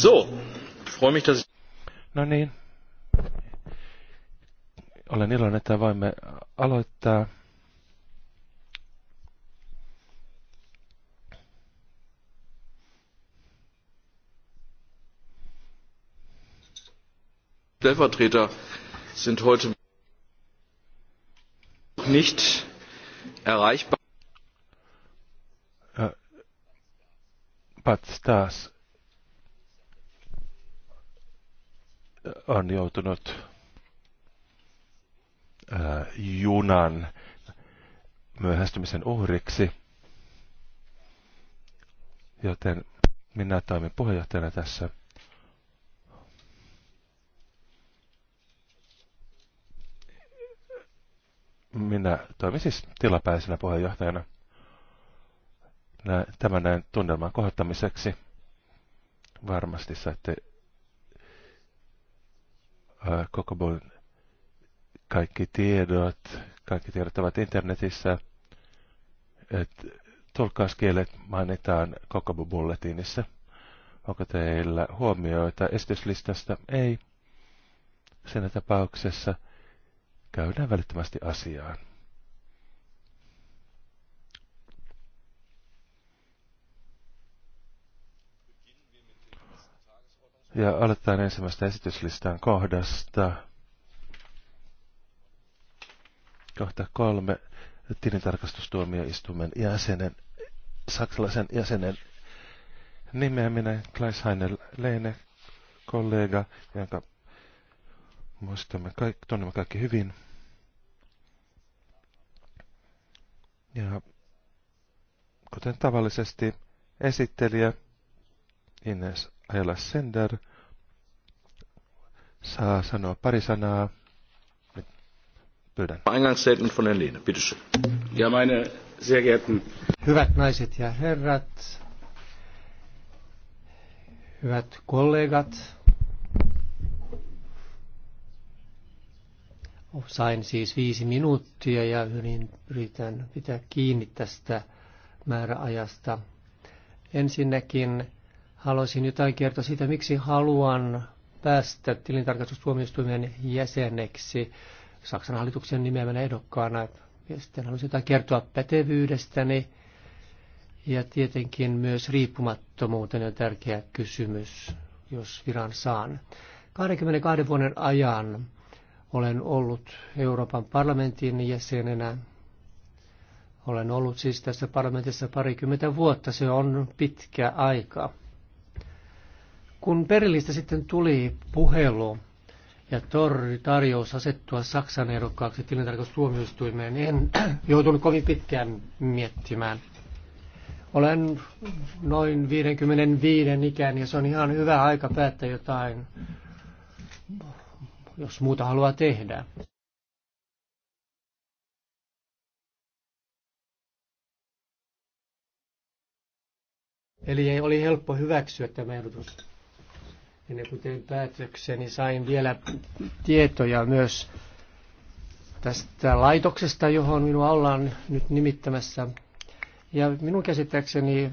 So, freue mich, dass... No niin. Olen iloinen, että voimme aloittaa. Stellvertreter sind heute nicht erreichbar. Äh, Bad Stars on joutunut ää, äh, junan myöhästymisen uhriksi. Joten minä toimin puheenjohtajana tässä. Minä toimin siis tilapäisenä puheenjohtajana tämän näin tunnelman kohottamiseksi. Varmasti saitte Kokobon kaikki tiedot, kaikki tiedot ovat internetissä. Et tulkkauskielet mainitaan Kokobo Bulletinissa. Onko teillä huomioita esityslistasta? Ei. Siinä tapauksessa käydään välittömästi asiaan. Ja aloitetaan ensimmäistä esityslistan kohdasta. Kohta kolme. Tilintarkastustuomioistuimen jäsenen, saksalaisen jäsenen nimeäminen Klaus Heinel Leine, kollega, jonka muistamme kaikki, tunnemme kaikki hyvin. Ja kuten tavallisesti esittelijä Ines Ajala Sender saa sanoa pari sanaa. pyydän. Eingangsstatement von Elina. bitteschön. Ja meine sehr geehrten... Hyvät naiset ja herrat, hyvät kollegat, sain siis viisi minuuttia ja yritän pitää kiinni tästä määräajasta. Ensinnäkin haluaisin jotain kertoa siitä, miksi haluan päästä tilintarkastustuomioistuimen jäseneksi Saksan hallituksen nimeämänä ehdokkaana. Ja sitten haluaisin jotain kertoa pätevyydestäni ja tietenkin myös riippumattomuuteni on tärkeä kysymys, jos viran saan. 22 vuoden ajan olen ollut Euroopan parlamentin jäsenenä. Olen ollut siis tässä parlamentissa parikymmentä vuotta. Se on pitkä aika. Kun Berliinistä sitten tuli puhelu ja torri tarjous asettua Saksan ehdokkaaksi tilintarkastustuomioistuimeen, en joutunut kovin pitkään miettimään. Olen noin 55 ikään ja se on ihan hyvä aika päättää jotain, jos muuta haluaa tehdä. Eli ei oli helppo hyväksyä tämä ehdotus ennen kuin tein päätökseni, sain vielä tietoja myös tästä laitoksesta, johon minua ollaan nyt nimittämässä. Ja minun käsittääkseni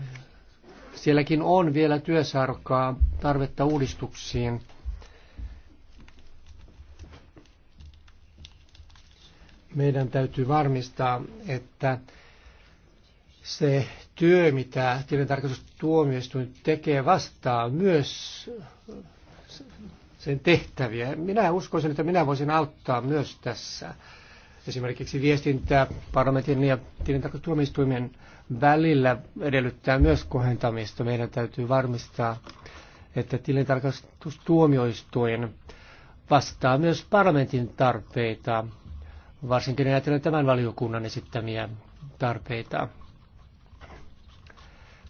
sielläkin on vielä työsarkaa tarvetta uudistuksiin. Meidän täytyy varmistaa, että se työ, mitä tilintarkastustuomioistuin tekee vastaa myös sen tehtäviä. Minä uskoisin, että minä voisin auttaa myös tässä. Esimerkiksi viestintää parlamentin ja tilintarkastustuomioistuimen välillä edellyttää myös kohentamista. Meidän täytyy varmistaa, että tilintarkastustuomioistuin vastaa myös parlamentin tarpeita, varsinkin ajatellen tämän valiokunnan esittämiä tarpeita.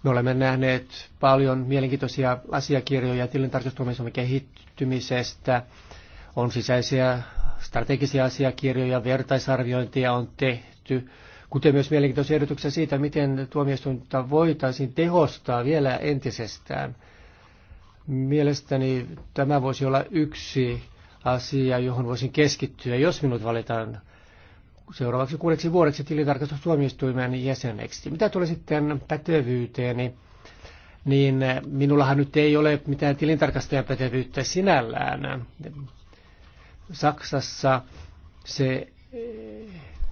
Me olemme nähneet paljon mielenkiintoisia asiakirjoja tilintarkastustuomioistuimen kehittymisestä. On sisäisiä strategisia asiakirjoja, vertaisarviointia on tehty, kuten myös mielenkiintoisia ehdotuksia siitä, miten tuomioistuinta voitaisiin tehostaa vielä entisestään. Mielestäni tämä voisi olla yksi asia, johon voisin keskittyä, jos minut valitaan seuraavaksi kuudeksi vuodeksi tilintarkastustuomioistuimen jäseneksi. Mitä tulee sitten pätevyyteeni, niin minullahan nyt ei ole mitään tilintarkastajan pätevyyttä sinällään. Saksassa se,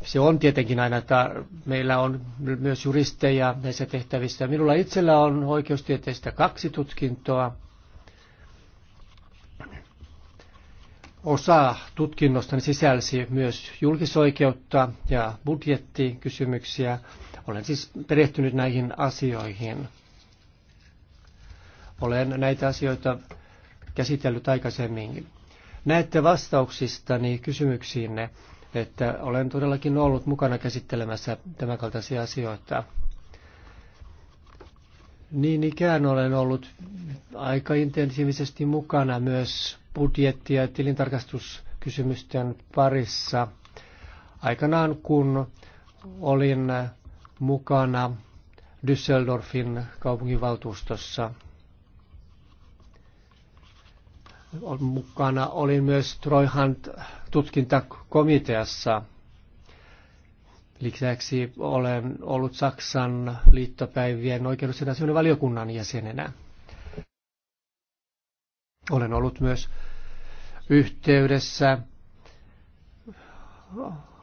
se on tietenkin aina, että meillä on myös juristeja näissä tehtävissä. Minulla itsellä on oikeustieteestä kaksi tutkintoa. osa tutkinnostani sisälsi myös julkisoikeutta ja budjettikysymyksiä. Olen siis perehtynyt näihin asioihin. Olen näitä asioita käsitellyt aikaisemminkin. Näette vastauksistani kysymyksiinne, että olen todellakin ollut mukana käsittelemässä tämänkaltaisia asioita. Niin ikään olen ollut aika intensiivisesti mukana myös budjetti- ja tilintarkastuskysymysten parissa aikanaan, kun olin mukana Düsseldorfin kaupunginvaltuustossa. Mukana olin myös Troihant tutkintakomiteassa. Lisäksi olen ollut Saksan liittopäivien oikeudellisen asioiden valiokunnan jäsenenä. Olen ollut myös yhteydessä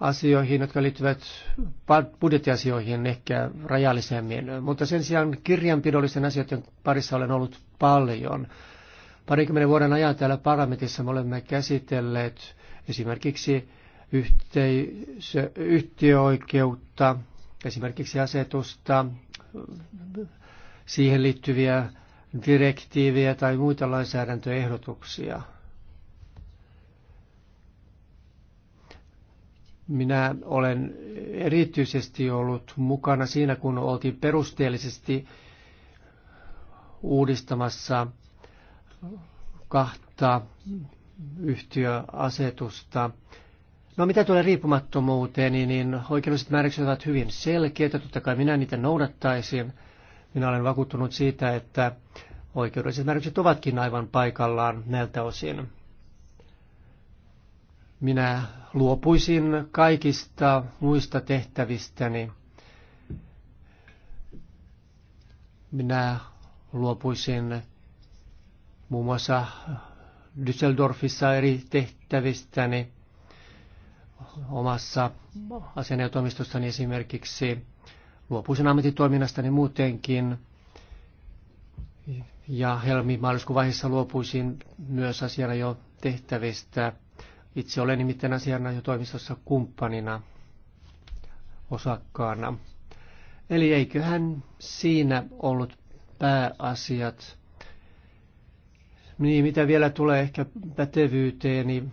asioihin, jotka liittyvät budjettiasioihin ehkä rajallisemmin, mutta sen sijaan kirjanpidollisten asioiden parissa olen ollut paljon. Parikymmenen vuoden ajan täällä parlamentissa me olemme käsitelleet esimerkiksi yhteisö, yhtiöoikeutta, esimerkiksi asetusta, siihen liittyviä direktiivejä tai muita lainsäädäntöehdotuksia. Minä olen erityisesti ollut mukana siinä, kun oltiin perusteellisesti uudistamassa kahta yhtiöasetusta. No mitä tulee riippumattomuuteen, niin, niin oikeudelliset määräykset ovat hyvin selkeitä. Totta kai minä niitä noudattaisin – minä olen vakuuttunut siitä, että oikeudelliset määräykset ovatkin aivan paikallaan näiltä osin. Minä luopuisin kaikista muista tehtävistäni. Minä luopuisin muun muassa Düsseldorfissa eri tehtävistäni omassa asianajotoimistossani esimerkiksi luopuisin ammattitoiminnastani niin muutenkin ja helmi-maaliskuun vaiheessa luopuisin myös asiana jo tehtävistä. Itse olen nimittäin asiana jo toimistossa kumppanina, osakkaana. Eli eiköhän siinä ollut pääasiat. Niin, mitä vielä tulee ehkä pätevyyteen, niin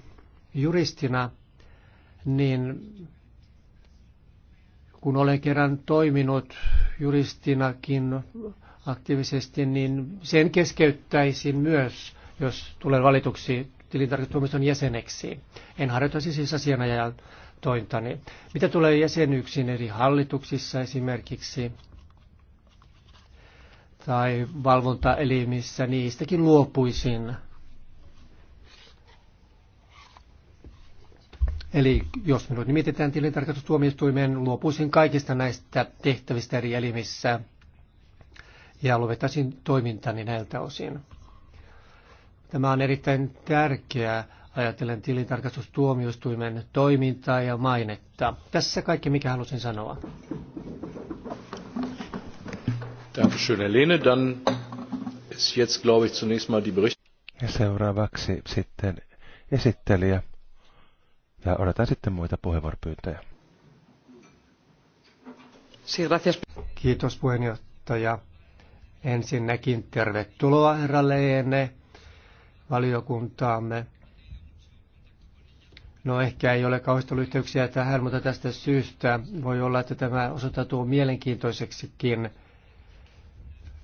juristina, niin kun olen kerran toiminut juristinakin aktiivisesti, niin sen keskeyttäisin myös, jos tulen valituksi tilintarkastustoimiston jäseneksi. En harjoittaisi siis, siis asianajan tointani. Mitä tulee jäsenyyksiin eri hallituksissa esimerkiksi tai valvontaelimissä, niistäkin luopuisin – Eli jos minut nimitetään tilintarkastustuomioistuimeen, luopuisin kaikista näistä tehtävistä eri elimissä ja lopettaisin toimintani näiltä osin. Tämä on erittäin tärkeää ajatellen tilintarkastustuomioistuimen toimintaa ja mainetta. Tässä kaikki, mikä halusin sanoa. Dankeschön, Helene. Dann ist jetzt, glaube ich, zunächst mal die Bericht. Ja seuraavaksi sitten esittelijä. Ja odotan sitten muita puheenvuoropyyntöjä. Kiitos puheenjohtaja. Ensinnäkin tervetuloa herra Leene valiokuntaamme. No ehkä ei ole yhteyksiä tähän, mutta tästä syystä voi olla, että tämä osoittautuu mielenkiintoiseksikin,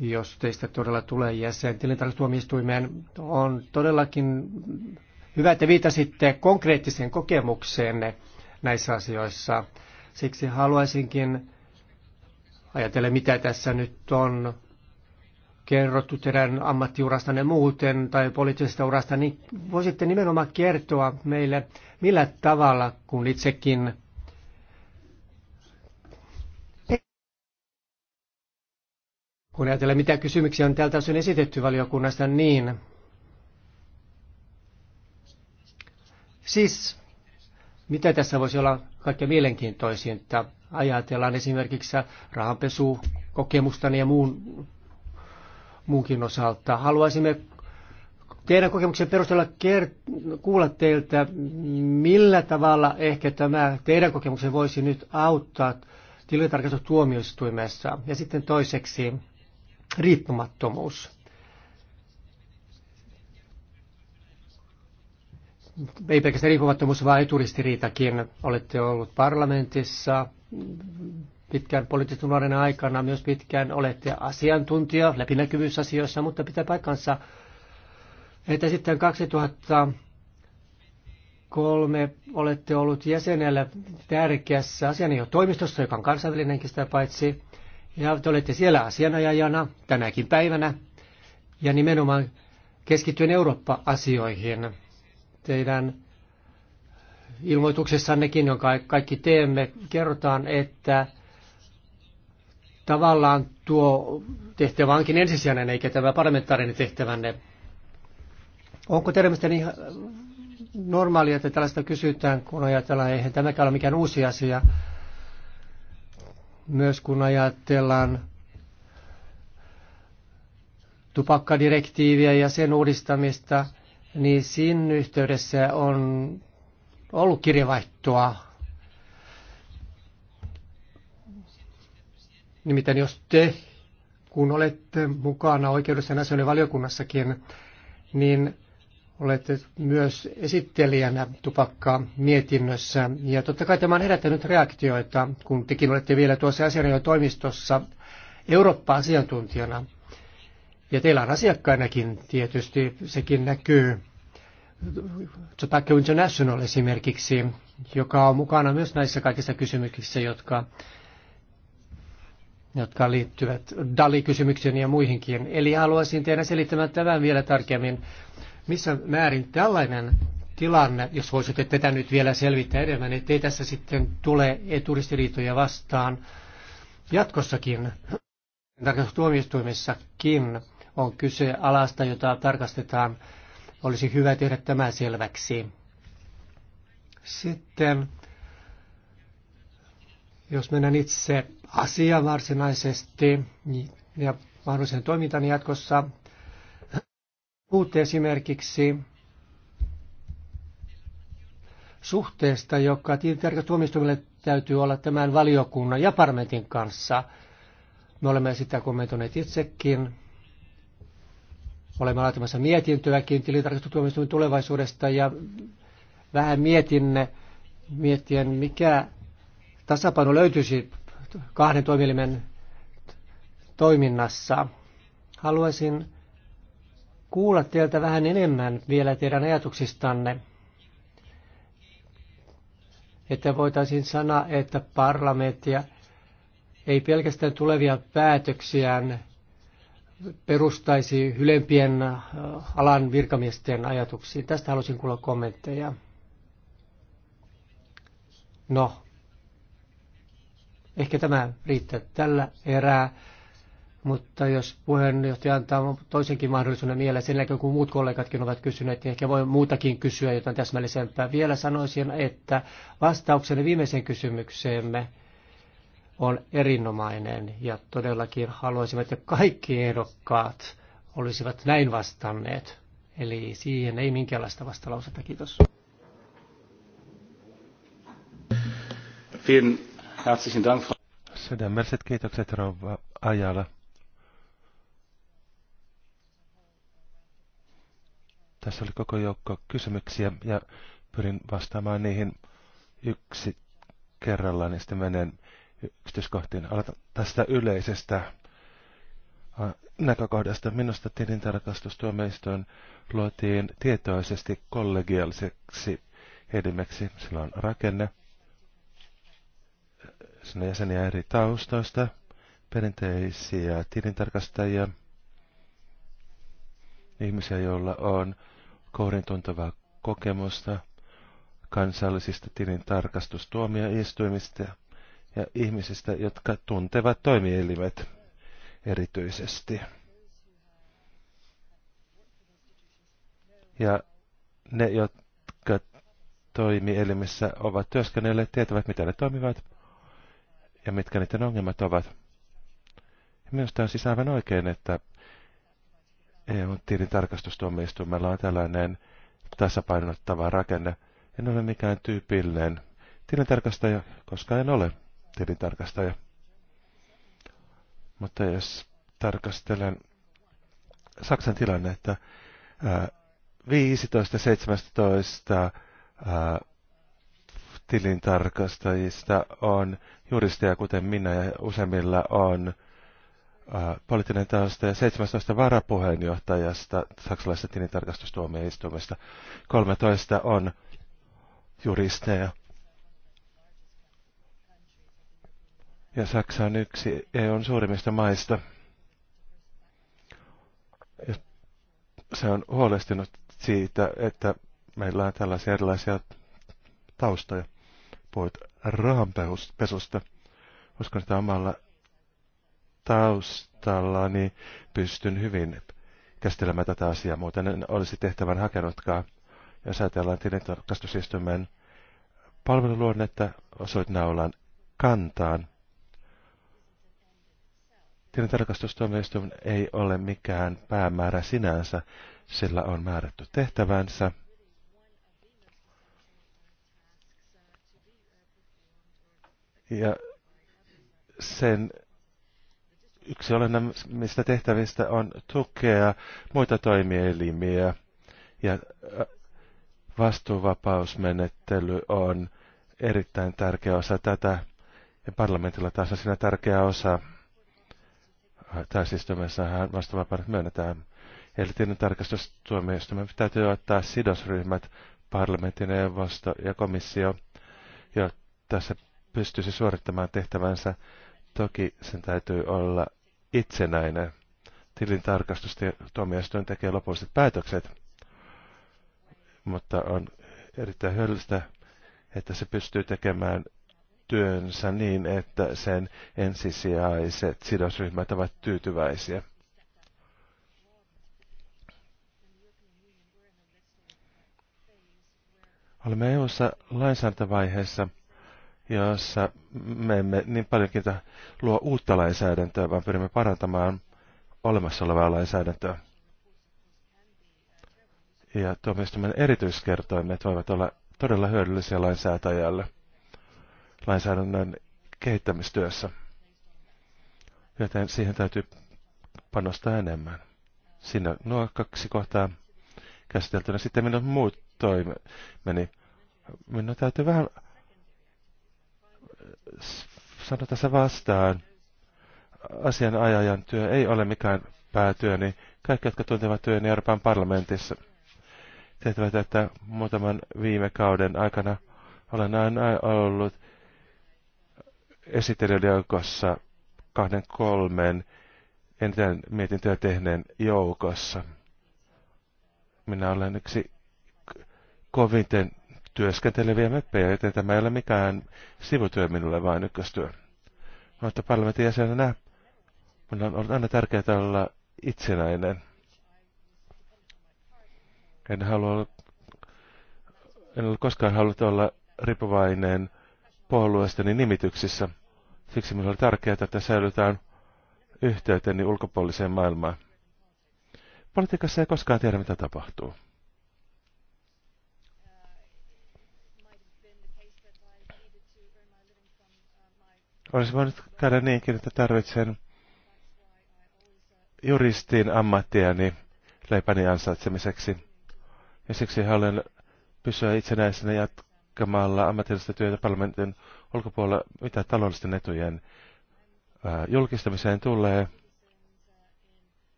jos teistä todella tulee jäsen. Tilintarkastuomioistuimeen on todellakin Hyvä, että viitasitte konkreettiseen kokemukseenne näissä asioissa. Siksi haluaisinkin ajatella, mitä tässä nyt on kerrottu teidän ammattiurastanne muuten tai poliittisesta urasta, niin voisitte nimenomaan kertoa meille, millä tavalla, kun itsekin kun ajatellaan, mitä kysymyksiä on tältä osin esitetty valiokunnasta, niin Siis mitä tässä voisi olla kaikkea mielenkiintoisinta? Ajatellaan esimerkiksi kokemustani ja muun, muunkin osalta. Haluaisimme teidän kokemuksen perusteella kuulla teiltä, millä tavalla ehkä tämä teidän kokemuksen voisi nyt auttaa tilintarkastustuomioistuimessa. Ja sitten toiseksi riippumattomuus. ei pelkästään riippumattomuus, vaan eturistiriitakin. Olette ollut parlamentissa pitkään poliittisen aikana, myös pitkään olette asiantuntija läpinäkyvyysasioissa, mutta pitää paikkansa, että sitten 2003 olette ollut jäsenellä tärkeässä asianajotoimistossa, joka on kansainvälinenkin sitä paitsi, ja te olette siellä asianajajana tänäkin päivänä, ja nimenomaan keskittyen Eurooppa-asioihin teidän ilmoituksessannekin, jonka kaikki teemme, kerrotaan, että tavallaan tuo tehtävä onkin ensisijainen, eikä tämä parlamentaarinen tehtävänne. Onko teidän niin normaalia, että tällaista kysytään, kun ajatellaan, eihän tämäkään ole mikään uusi asia, myös kun ajatellaan tupakkadirektiiviä ja sen uudistamista – niin siinä yhteydessä on ollut kirjavaihtoa. Nimittäin jos te, kun olette mukana oikeudessa ja asioiden valiokunnassakin, niin olette myös esittelijänä tupakkaa mietinnössä. Ja totta kai tämä on herättänyt reaktioita, kun tekin olette vielä tuossa asianajon toimistossa Eurooppa-asiantuntijana. Ja teillä on asiakkainakin tietysti, sekin näkyy. Tobacco International esimerkiksi, joka on mukana myös näissä kaikissa kysymyksissä, jotka, jotka liittyvät DALI-kysymyksiin ja muihinkin. Eli haluaisin teidän selittämään tämän vielä tarkemmin, missä määrin tällainen tilanne, jos voisitte tätä nyt vielä selvittää enemmän, ettei tässä sitten tule eturistiriitoja vastaan jatkossakin. Tarkastustuomioistuimessakin on kyse alasta, jota tarkastetaan olisi hyvä tehdä tämä selväksi. Sitten, jos mennään itse asia varsinaisesti ja mahdollisen toimintaan niin jatkossa, puhutte esimerkiksi suhteesta, joka tuomistumille täytyy olla tämän valiokunnan ja parlamentin kanssa. Me olemme sitä kommentoineet itsekin Olemme laatimassa mietintöäkin tilintarkastustuomioistuimen tulevaisuudesta ja vähän mietin miettien, mikä tasapaino löytyisi kahden toimielimen toiminnassa. Haluaisin kuulla teiltä vähän enemmän vielä teidän ajatuksistanne, että voitaisiin sanoa, että parlamenttia ei pelkästään tulevia päätöksiään perustaisi ylempien äh, alan virkamiesten ajatuksiin. Tästä halusin kuulla kommentteja. No, ehkä tämä riittää tällä erää, mutta jos puheenjohtaja antaa toisenkin mahdollisuuden mieleen, sen jälkeen kun muut kollegatkin ovat kysyneet, niin ehkä voi muutakin kysyä jotain täsmällisempää. Vielä sanoisin, että vastauksena viimeiseen kysymykseemme – on erinomainen ja todellakin haluaisimme, että kaikki ehdokkaat olisivat näin vastanneet. Eli siihen ei minkäänlaista vastalausetta. Kiitos. Sydämelliset kiitokset rouva Ajala. Tässä oli koko joukko kysymyksiä ja pyrin vastaamaan niihin yksi kerrallaan ja sitten menen yksityiskohtiin. Aloitan tästä yleisestä äh, näkökohdasta. Minusta tilintarkastustuomioistuin luotiin tietoisesti kollegiaaliseksi elimeksi. Sillä on rakenne, sinne jäseniä eri taustoista, perinteisiä tilintarkastajia, ihmisiä, joilla on kourin tuntavaa kokemusta kansallisista tilintarkastustuomioistuimista ja ihmisistä, jotka tuntevat toimielimet erityisesti. Ja ne, jotka toimielimissä ovat työskennelleet, tietävät, miten ne toimivat ja mitkä niiden ongelmat ovat. Ja minusta on siis aivan oikein, että EU-tilin tarkastustuomioistuimella on tällainen tasapainottava rakenne. En ole mikään tyypillinen tilintarkastaja, koska en ole tilintarkastaja. Mutta jos tarkastelen Saksan tilannetta, 15-17 tilintarkastajista on juristeja, kuten minä, ja useimmilla on poliittinen tausta ja 17 varapuheenjohtajasta saksalaisesta tilintarkastustuomioistuimesta. 13 on juristeja. ja Saksa e on yksi EUn suurimmista maista. Ja se on huolestunut siitä, että meillä on tällaisia erilaisia taustoja. Puhuit rahanpesusta. Uskon, että omalla taustallani niin pystyn hyvin käsittelemään tätä asiaa. Muuten en olisi tehtävän hakenutkaan. Jos ajatellaan tilintarkastusistuimen palveluluonnetta, osoit naulan kantaan tarkastustuomioistuin ei ole mikään päämäärä sinänsä, sillä on määrätty tehtävänsä. Ja sen yksi olennaisista tehtävistä on tukea muita toimielimiä ja vastuuvapausmenettely on erittäin tärkeä osa tätä ja parlamentilla taas on siinä tärkeä osa täysistumassa vastavapaudet myönnetään. Eli tiedon tarkastustuomioistuimen täytyy ottaa sidosryhmät, parlamentin neuvosto ja komissio, jotta se pystyisi suorittamaan tehtävänsä. Toki sen täytyy olla itsenäinen. Tilin tarkastustuomioistuin tekee lopulliset päätökset, mutta on erittäin hyödyllistä, että se pystyy tekemään työnsä niin, että sen ensisijaiset sidosryhmät ovat tyytyväisiä. Olemme EU-ssa lainsäädäntövaiheessa, jossa me emme niin paljonkin luo uutta lainsäädäntöä, vaan pyrimme parantamaan olemassa olevaa lainsäädäntöä. Ja tuomioistuimen erityiskertoimet voivat olla todella hyödyllisiä lainsäätäjälle lainsäädännön kehittämistyössä. Joten siihen täytyy panostaa enemmän. Siinä nuo kaksi kohtaa käsiteltynä. Sitten minun muut toimeni. Minun täytyy vähän sanoa tässä vastaan. Asianajajan työ ei ole mikään päätyöni. Kaikki, jotka tuntevat työni Euroopan parlamentissa, tehtävät, että muutaman viime kauden aikana olen aina ollut esitelijöiden joukossa kahden kolmen entään mietintöä tehneen joukossa. Minä olen yksi kovinten työskenteleviä meppejä, joten tämä ei ole mikään sivutyö minulle, vaan ykköstyö. Mutta parlamentin jäsenenä minun on ollut aina tärkeää olla itsenäinen. En halua en ole koskaan halunnut olla riippuvainen puolueestani nimityksissä. Siksi minulla oli tärkeää, että säilytään yhteyteni ulkopuoliseen maailmaan. Politiikassa ei koskaan tiedä, mitä tapahtuu. Olisi voinut käydä niinkin, että tarvitsen juristin ammattiani leipäni ansaitsemiseksi. Ja siksi haluan pysyä itsenäisenä jatkamalla ammatillista työtä parlamentin ulkopuolella, mitä taloudellisten etujen julkistamiseen tulee.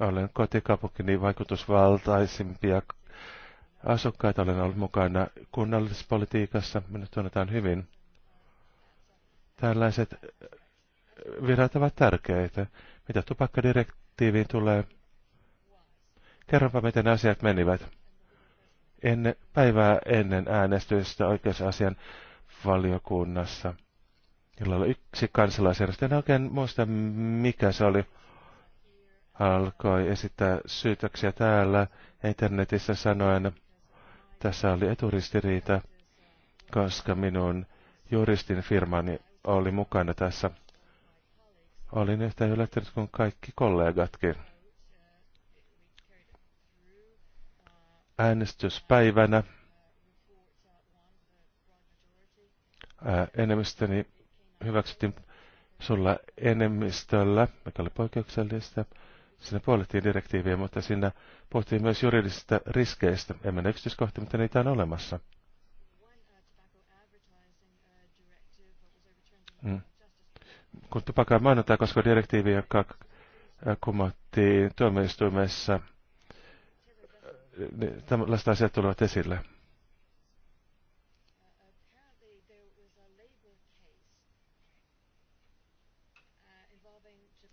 Olen kotikaupunkini vaikutusvaltaisimpia asukkaita. Olen ollut mukana kunnallispolitiikassa. Minut tunnetaan hyvin. Tällaiset virat ovat tärkeitä. Mitä tupakkadirektiiviin tulee? Kerropa, miten asiat menivät enne, päivää ennen äänestystä oikeusasian valiokunnassa, jolla oli yksi kansalaisjärjestö. En oikein muista, mikä se oli. Alkoi esittää syytöksiä täällä internetissä sanoen, tässä oli eturistiriita, koska minun juristin firmani oli mukana tässä. Olin yhtä yllättynyt kuin kaikki kollegatkin. äänestyspäivänä enemmistöni hyväksyttiin sulla enemmistöllä, mikä oli poikkeuksellista. Siinä puolettiin direktiiviä, mutta siinä puhuttiin myös juridisista riskeistä. En mene yksityiskohtiin, mutta niitä on olemassa. Mm. Kun tupakaa mainontaa koska direktiivi, joka kumottiin tuomioistuimessa – tällaista asiat tulevat esille.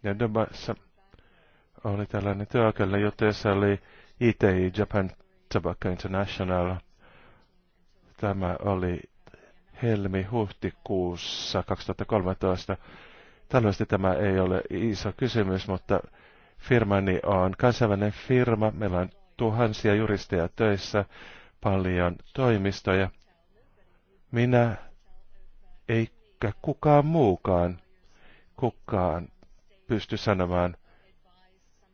Ja Dubassa oli tällainen työkellä, juttu, jossa oli ITI, Japan Tobacco International. Tämä oli helmi-huhtikuussa 2013. Tällaisesti tämä ei ole iso kysymys, mutta firmani on kansainvälinen firma. Meillä on tuhansia juristeja töissä, paljon toimistoja. Minä, eikä kukaan muukaan, kukaan pysty sanomaan,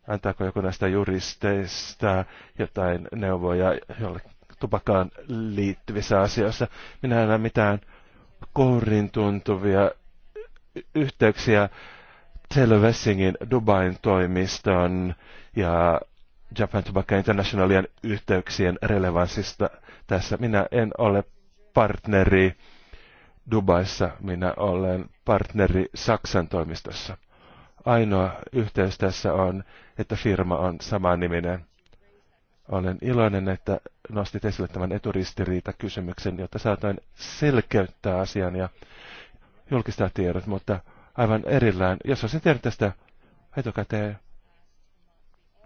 antaako joku näistä juristeista jotain neuvoja jolle tupakaan liittyvissä asioissa. Minä en ole mitään kourin tuntuvia yhteyksiä Taylor Wessingin Dubain toimiston ja Japan Tobacco Internationalien yhteyksien relevanssista tässä. Minä en ole partneri Dubaissa, minä olen partneri Saksan toimistossa. Ainoa yhteys tässä on, että firma on samanniminen. Olen iloinen, että nostit esille tämän eturistiriitakysymyksen, jotta saatoin selkeyttää asian ja julkistaa tiedot, mutta aivan erillään. Jos olisin tiedä tästä etukäteen,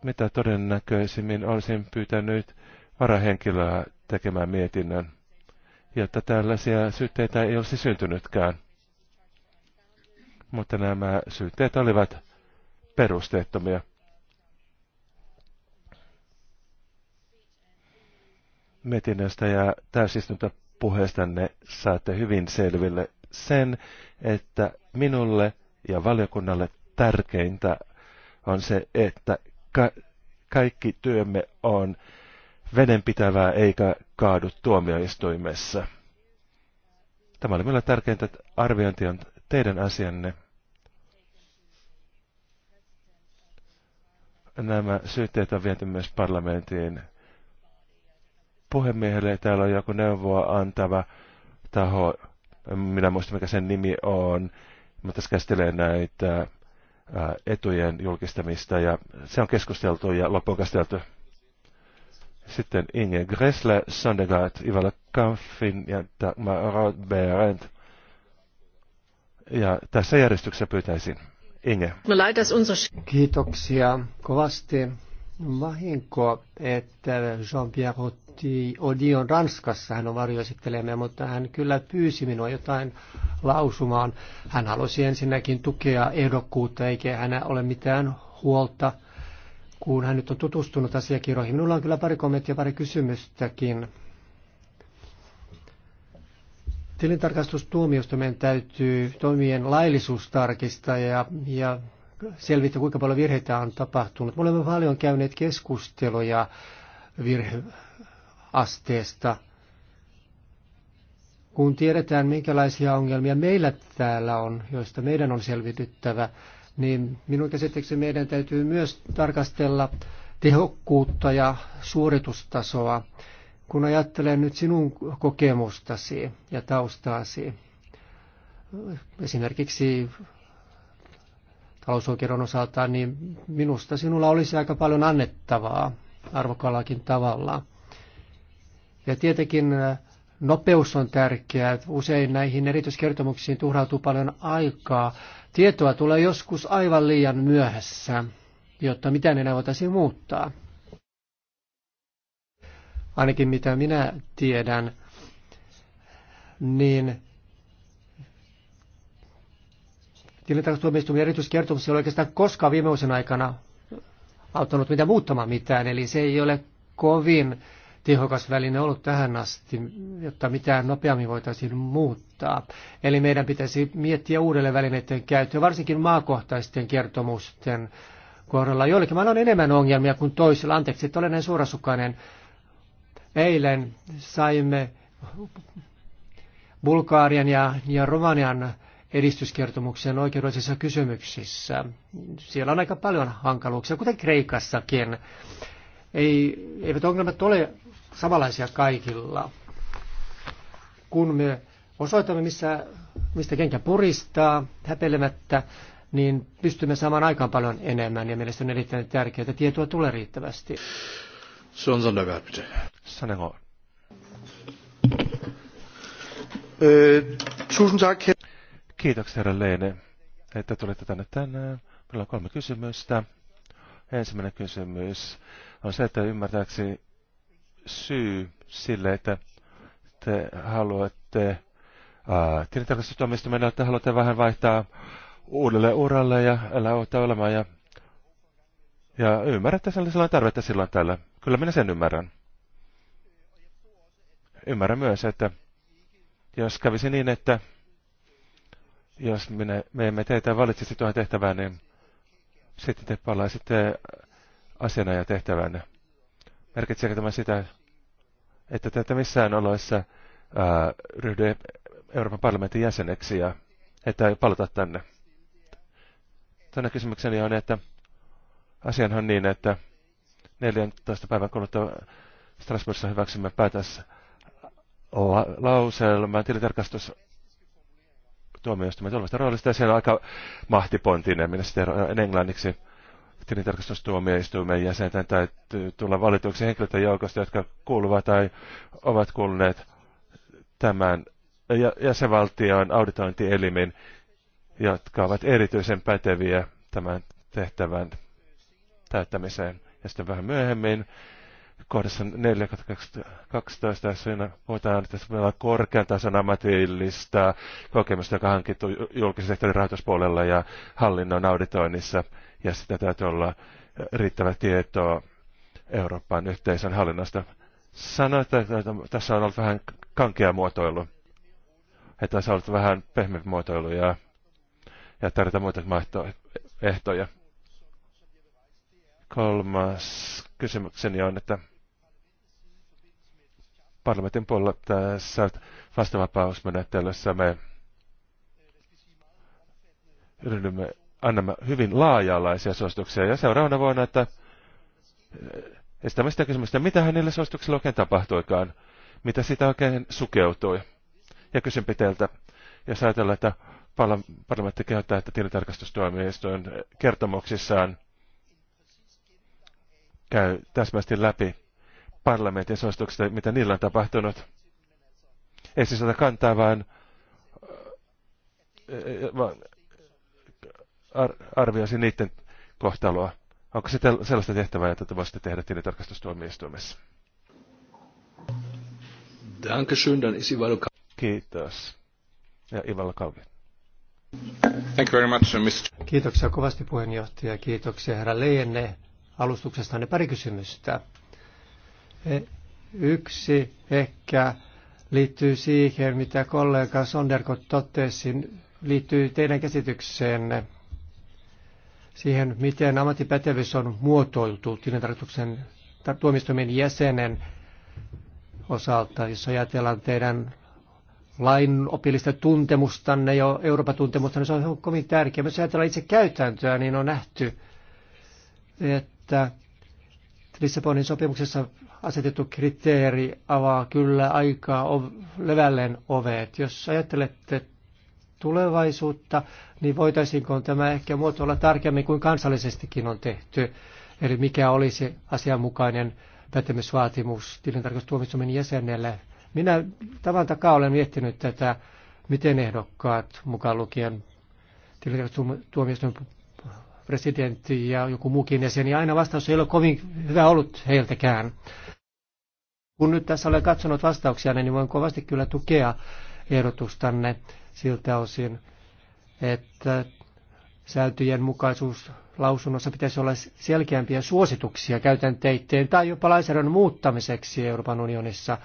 mitä todennäköisimmin olisin pyytänyt varahenkilöä tekemään mietinnön, jotta tällaisia syytteitä ei olisi syntynytkään. Mutta nämä syytteet olivat perusteettomia. Mietinnöstä ja täysistuntopuheestanne saatte hyvin selville sen, että minulle ja valiokunnalle tärkeintä on se, että ka- kaikki työmme on vedenpitävää eikä kaadu tuomioistuimessa. Tämä oli meillä tärkeintä, että arviointi on teidän asianne. Nämä syytteet on viety myös parlamentin puhemiehelle. Täällä on joku neuvoa antava taho, minä muistan mikä sen nimi on, mutta tässä käsittelee näitä etujen julkistamista ja se on keskusteltu ja loppuun käsitelty. Sitten Inge Gressle, Sondergaard, Ivala Kampfin ja Dagmar Rodberend. Ja tässä järjestyksessä pyytäisin. Inge. Kiitoksia kovasti vahinkoa, että Jean-Pierre otti Odion Ranskassa, hän on varjoesittelemme, mutta hän kyllä pyysi minua jotain lausumaan. Hän halusi ensinnäkin tukea ehdokkuutta, eikä hän ole mitään huolta, kun hän nyt on tutustunut asiakirjoihin. Minulla on kyllä pari kommenttia, pari kysymystäkin. Tilintarkastustuomioistuimen täytyy toimien laillisuus tarkistaa ja, ja selvittää, kuinka paljon virheitä on tapahtunut. Me olemme paljon käyneet keskusteluja virheasteesta, kun tiedetään, minkälaisia ongelmia meillä täällä on, joista meidän on selvityttävä, niin minun käsitteeksi meidän täytyy myös tarkastella tehokkuutta ja suoritustasoa, kun ajattelen nyt sinun kokemustasi ja taustaasi. Esimerkiksi talousoikeuden osalta, niin minusta sinulla olisi aika paljon annettavaa arvokalakin tavalla. Ja tietenkin nopeus on tärkeää. Usein näihin erityiskertomuksiin tuhrautuu paljon aikaa. Tietoa tulee joskus aivan liian myöhässä, jotta mitään enää voitaisiin muuttaa. Ainakin mitä minä tiedän, niin tilintarkastustuomioistuimen erityiskertomus ei ole oikeastaan koskaan viime vuosien aikana auttanut mitä muuttamaan mitään, eli se ei ole kovin tehokas väline ollut tähän asti, jotta mitään nopeammin voitaisiin muuttaa. Eli meidän pitäisi miettiä uudelleen välineiden käyttöä, varsinkin maakohtaisten kertomusten kohdalla. Joillekin on enemmän ongelmia kuin toisilla. Anteeksi, että olen näin suorasukainen. Eilen saimme Bulgaarian ja, ja Romanian edistyskertomuksen oikeudellisissa kysymyksissä. Siellä on aika paljon hankaluuksia, kuten Kreikassakin. Ei, eivät ongelmat ole samanlaisia kaikilla. Kun me osoitamme, missä, mistä kenkä puristaa häpelemättä, niin pystymme saamaan aikaan paljon enemmän ja mielestäni on erittäin tärkeää, että tietoa tulee riittävästi. Se on bitte. Øh, tusind tak. Kiitoksia, herra Leene, että tulitte tänne tänään. Meillä on kolme kysymystä. Ensimmäinen kysymys on se, että ymmärtääkseni syy sille, että te haluatte tilintarkastustuomioistuimelle, että haluatte vähän vaihtaa uudelle uralle ja älä uutta olemaan. Ja, ja ymmärrätte sellaisella tarvetta silloin tällä. Kyllä minä sen ymmärrän. Ymmärrän myös, että jos kävisi niin, että jos minä, me emme teitä valitsisi tuohon tehtävään, niin sitten te palaisitte asiana ja tehtävänne. Merkitseekö tämä sitä, että te ette missään oloissa ää, ryhdy Euroopan parlamentin jäseneksi ja että palata tänne? Tänne kysymykseni on, että asianhan niin, että 14 päivän kuluttua Strasbourgissa hyväksymme päätös la- lauselman tilintarkastus tuomioistuimen tuomasta roolista ja siellä on aika mahtipontinen, minä sitten englanniksi tilintarkastustuomioistuimen jäsenten täytyy tulla valituksi henkilöiden joukosta, jotka kuuluvat tai ovat kuuluneet tämän jäsenvaltion auditointielimin, jotka ovat erityisen päteviä tämän tehtävän täyttämiseen. Ja sitten vähän myöhemmin kohdassa 4.12 siinä puhutaan, että meillä on korkean tason ammatillista kokemusta, joka on hankittu julkisen sektorin rahoituspuolella ja hallinnon auditoinnissa, ja sitä täytyy olla riittävä tieto Euroopan yhteisön hallinnasta. Sanoit, että tässä on ollut vähän kankea muotoilu, että tässä on ollut vähän pehmeä muotoilu ja, ja tarvitaan muita ehtoja. Kolmas kysymykseni on, että parlamentin puolella tässä vastavapausmenettelyssä me ryhdymme, annamme hyvin laaja-alaisia suosituksia. Ja seuraavana vuonna, että eh, estämme sitä kysymystä, mitä hänelle suosituksella oikein tapahtuikaan, mitä sitä oikein sukeutui. Ja kysyn teiltä, ja ajatellaan, että parlamentti kehottaa, että tilintarkastustuomioistuin kertomuksissaan – käy täsmästi läpi parlamentin suositukset, mitä niillä on tapahtunut. Ei siis ota kantaa, vaan, vaan ar- arvioisi niiden kohtaloa. Onko se sellaista tehtävää, jota te voisitte tehdä tilintarkastustuomioistuimessa? Kiitos. Ja Ivalo Kalvi. Thank you very much, uh, Mr. Kiitoksia kovasti puheenjohtaja. Kiitoksia herra Leijenne ne pari kysymystä. E, yksi ehkä liittyy siihen, mitä kollega Sonderko totesi, liittyy teidän käsitykseenne siihen, miten ammattipätevyys on muotoiltu tilintarkastuksen tuomistumien jäsenen osalta, jos ajatellaan teidän lainopillista tuntemustanne ja Euroopan tuntemustanne, se on kovin tärkeää. Jos ajatellaan itse käytäntöä, niin on nähty, että että Lissabonin sopimuksessa asetettu kriteeri avaa kyllä aikaa levälleen oveet. Jos ajattelette tulevaisuutta, niin voitaisiinko tämä ehkä muotoilla tarkemmin kuin kansallisestikin on tehty, eli mikä olisi asianmukainen pätemysvaatimus tilintarkastustuomistumin jäsenelle. Minä tavan takaa olen miettinyt tätä, miten ehdokkaat mukaan lukien tilintarkastustuomistumin presidentti ja joku muukin jäsen, niin aina vastaus ei ole kovin hyvä ollut heiltäkään. Kun nyt tässä olen katsonut vastauksia, niin voin kovasti kyllä tukea ehdotustanne siltä osin, että sääntöjen mukaisuus lausunnossa pitäisi olla selkeämpiä suosituksia käytänteitteen tai jopa lainsäädännön muuttamiseksi Euroopan unionissa,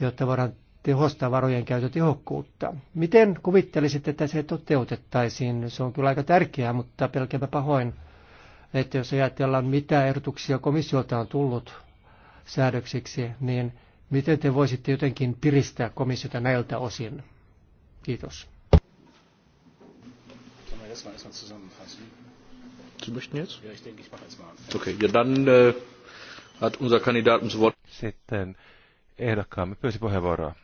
jotta voidaan tehostaa varojen käytötehokkuutta. Miten kuvittelisit, että se toteutettaisiin? Se on kyllä aika tärkeää, mutta pelkäänpä pahoin, että jos ajatellaan, mitä ehdotuksia komissiolta on tullut säädöksiksi, niin miten te voisitte jotenkin piristää komissiota näiltä osin? Kiitos. Ja, äh, Sitten ehdokkaamme pyysi puheenvuoroa.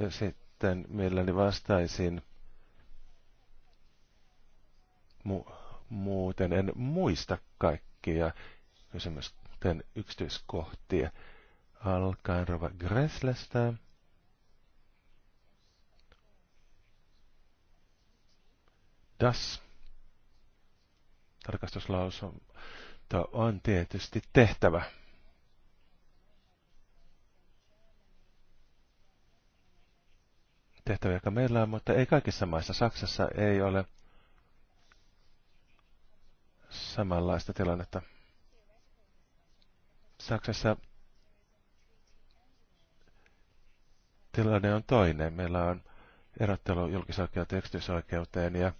Ja sitten mielelläni vastaisin. Mu- muuten en muista kaikkia kysymysten yksityiskohtia. Alkaen Rova Gresslestä. Das tarkastuslausunto on tietysti tehtävä. tehtäviä, joka meillä on, mutta ei kaikissa maissa. Saksassa ei ole samanlaista tilannetta. Saksassa tilanne on toinen. Meillä on erottelu julkisoikeuteen ja yksityisoikeuteen ja,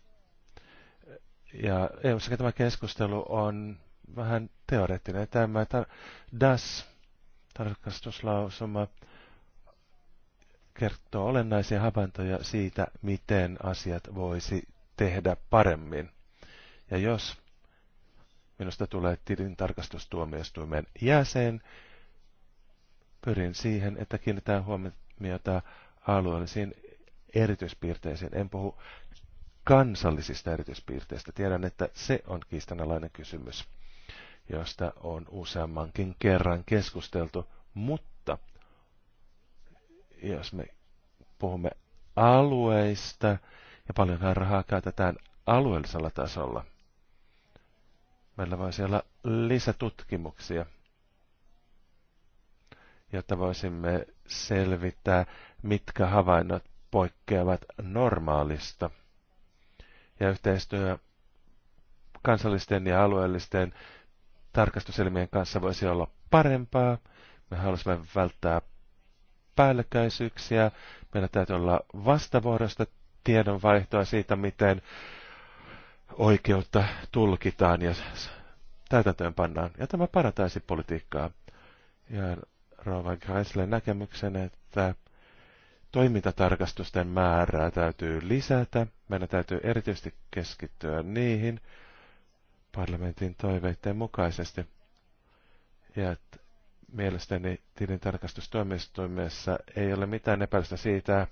ja eu tämä keskustelu on vähän teoreettinen. Tämä tar- DAS, tarkastuslausuma, kertoo olennaisia havaintoja siitä, miten asiat voisi tehdä paremmin. Ja jos minusta tulee tilintarkastustuomioistuimen jäsen, pyrin siihen, että kiinnitään huomiota alueellisiin erityispiirteisiin. En puhu kansallisista erityispiirteistä. Tiedän, että se on kiistanalainen kysymys, josta on useammankin kerran keskusteltu, mutta jos me puhumme alueista ja paljonhan rahaa käytetään alueellisella tasolla. Meillä voisi olla lisätutkimuksia, jotta voisimme selvittää, mitkä havainnot poikkeavat normaalista. Ja yhteistyö kansallisten ja alueellisten tarkastuselmien kanssa voisi olla parempaa. Me haluaisimme välttää päällekkäisyyksiä. Meillä täytyy olla vastavuoroista tiedonvaihtoa siitä, miten oikeutta tulkitaan ja täytäntöön pannaan. Ja tämä parantaisi politiikkaa. Ja Rova Gressle näkemyksen, että toimintatarkastusten määrää täytyy lisätä. Meidän täytyy erityisesti keskittyä niihin parlamentin toiveiden mukaisesti. Ja että Mielestäni tilintarkastustoimistoimessa ei ole mitään epäilystä siitä,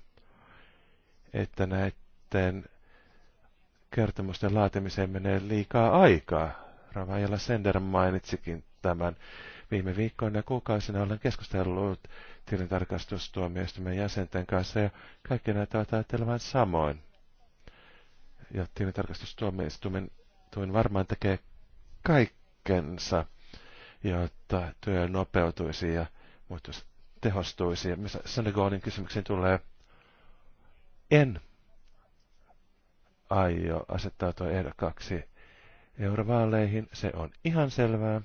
että näiden kertomusten laatimiseen menee liikaa aikaa. Ravajalla Sender mainitsikin tämän. Viime viikkoina ja kuukausina olen keskustellut tilintarkastustuomioistuimen jäsenten kanssa ja kaikki näyttävät ajattelevan samoin. Ja tilintarkastustuomioistuimen tuin varmaan tekee kaikkensa jotta työ nopeutuisi ja muutos tehostuisi. Ja Senegalin kysymyksiin tulee, en aio asettautua ehdokkaaksi eurovaaleihin, se on ihan selvää.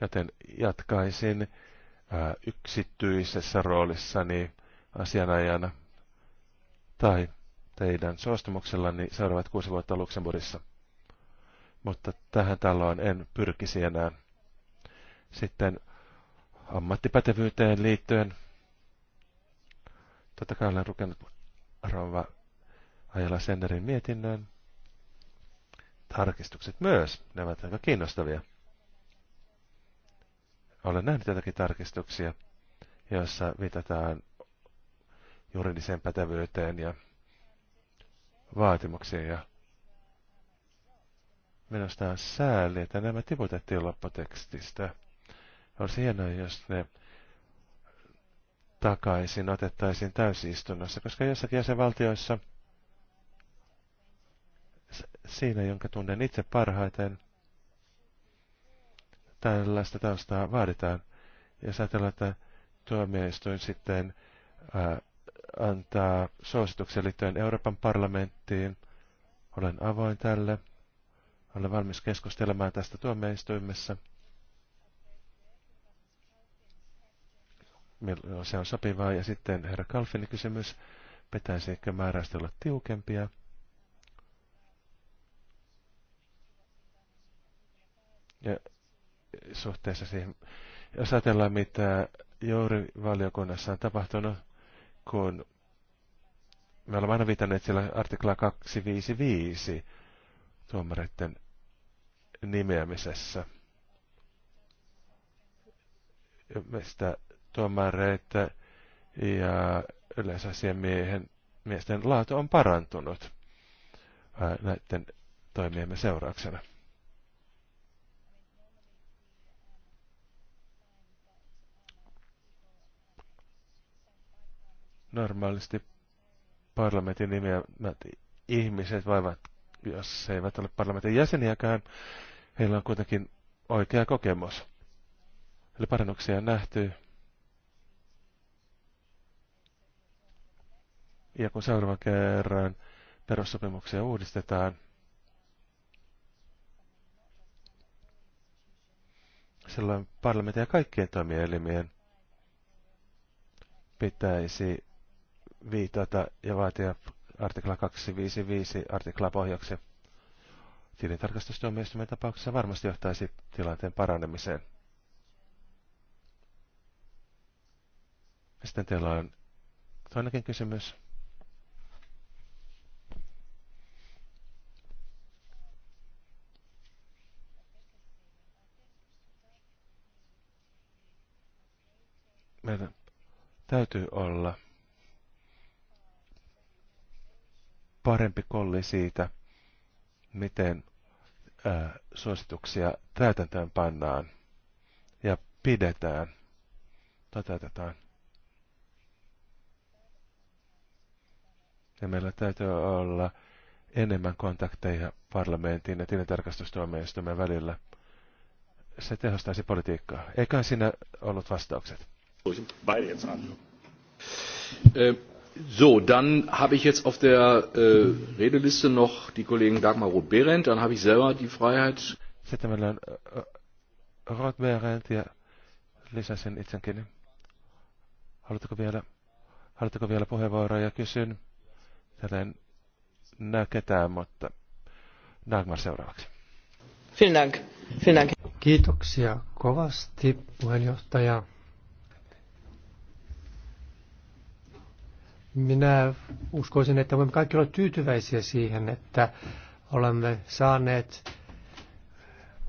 Joten jatkaisin ää, äh, yksityisessä roolissani asianajana tai teidän suostumuksellani seuraavat kuusi vuotta Luxemburgissa mutta tähän taloon en pyrkisi enää. Sitten ammattipätevyyteen liittyen. Totta kai olen rukenut Rova Ajala Senderin mietinnön. Tarkistukset myös, ne ovat aika kiinnostavia. Olen nähnyt jotakin tarkistuksia, joissa viitataan juridiseen pätevyyteen ja vaatimuksiin ja Minusta on sääli, että nämä tiputettiin lopputekstistä. Olisi hienoa, jos ne takaisin otettaisiin täysistunnossa, koska jossakin jäsenvaltioissa siinä, jonka tunnen itse parhaiten, tällaista taustaa vaaditaan. Ja ajatellaan, että tuomioistuin sitten ää, antaa suosituksen liittyen Euroopan parlamenttiin. Olen avoin tälle. Olen valmis keskustelemaan tästä tuomioistuimessa. se on sopivaa? Ja sitten herra Kalfinin kysymys. ehkä määräistä olla tiukempia? Ja suhteessa siihen, jos ajatellaan mitä juuri valiokunnassa on tapahtunut, kun me olemme aina viitanneet siellä artiklaa 255 tuomareiden nimeämisessä. Meistä tuomareita ja yleisasiamiehen miesten laatu on parantunut näiden toimiemme seurauksena. Normaalisti parlamentin nimeämät ihmiset vaivat, jos he eivät ole parlamentin jäseniäkään, Heillä on kuitenkin oikea kokemus. Eli parannuksia on nähty. Ja kun seuraavan kerran perussopimuksia uudistetaan, silloin parlamentin ja kaikkien toimielimien pitäisi viitata ja vaatia artikla 255 artikla pohjaksi tilintarkastustuomioistuimen tapauksessa varmasti johtaisi tilanteen paranemiseen. Ja sitten teillä on toinenkin kysymys. Meidän täytyy olla parempi kolli siitä, miten ää, suosituksia täytäntöön pannaan ja pidetään, toteutetaan. Ja meillä täytyy olla enemmän kontakteja parlamentin ja tilintarkastustuomioistuimen välillä. Se tehostaisi politiikkaa. Eikä siinä ollut vastaukset. Vain So, dann habe ich jetzt auf der äh, Redeliste noch die Kollegen Dagmar Roth-Behrendt. Dann habe ich selber die Freiheit. Sitten on äh, äh, Roth-Behrendt ja lisäsin itsenkin. Haluatteko vielä, haluatteko vielä puheenvuoroja? Kysyn. Täällä en näe ketään, mutta Dagmar seuraavaksi. Vielen Dank. Vielen Dank. Kiitoksia kovasti puheenjohtaja. Minä uskoisin, että voimme kaikki olla tyytyväisiä siihen, että olemme saaneet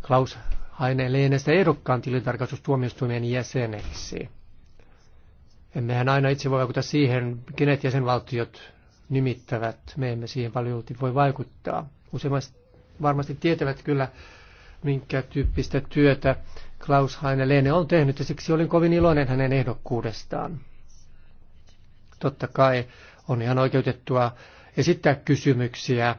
Klaus Haine Leenestä ehdokkaan tilintarkastustuomioistuimien jäseneksi. Emmehän aina itse voi vaikuttaa siihen, kenet jäsenvaltiot nimittävät. Me emme siihen paljon voi vaikuttaa. Useimmat varmasti tietävät kyllä, minkä tyyppistä työtä Klaus Haine Leene on tehnyt, ja siksi olin kovin iloinen hänen ehdokkuudestaan. Totta kai on ihan oikeutettua esittää kysymyksiä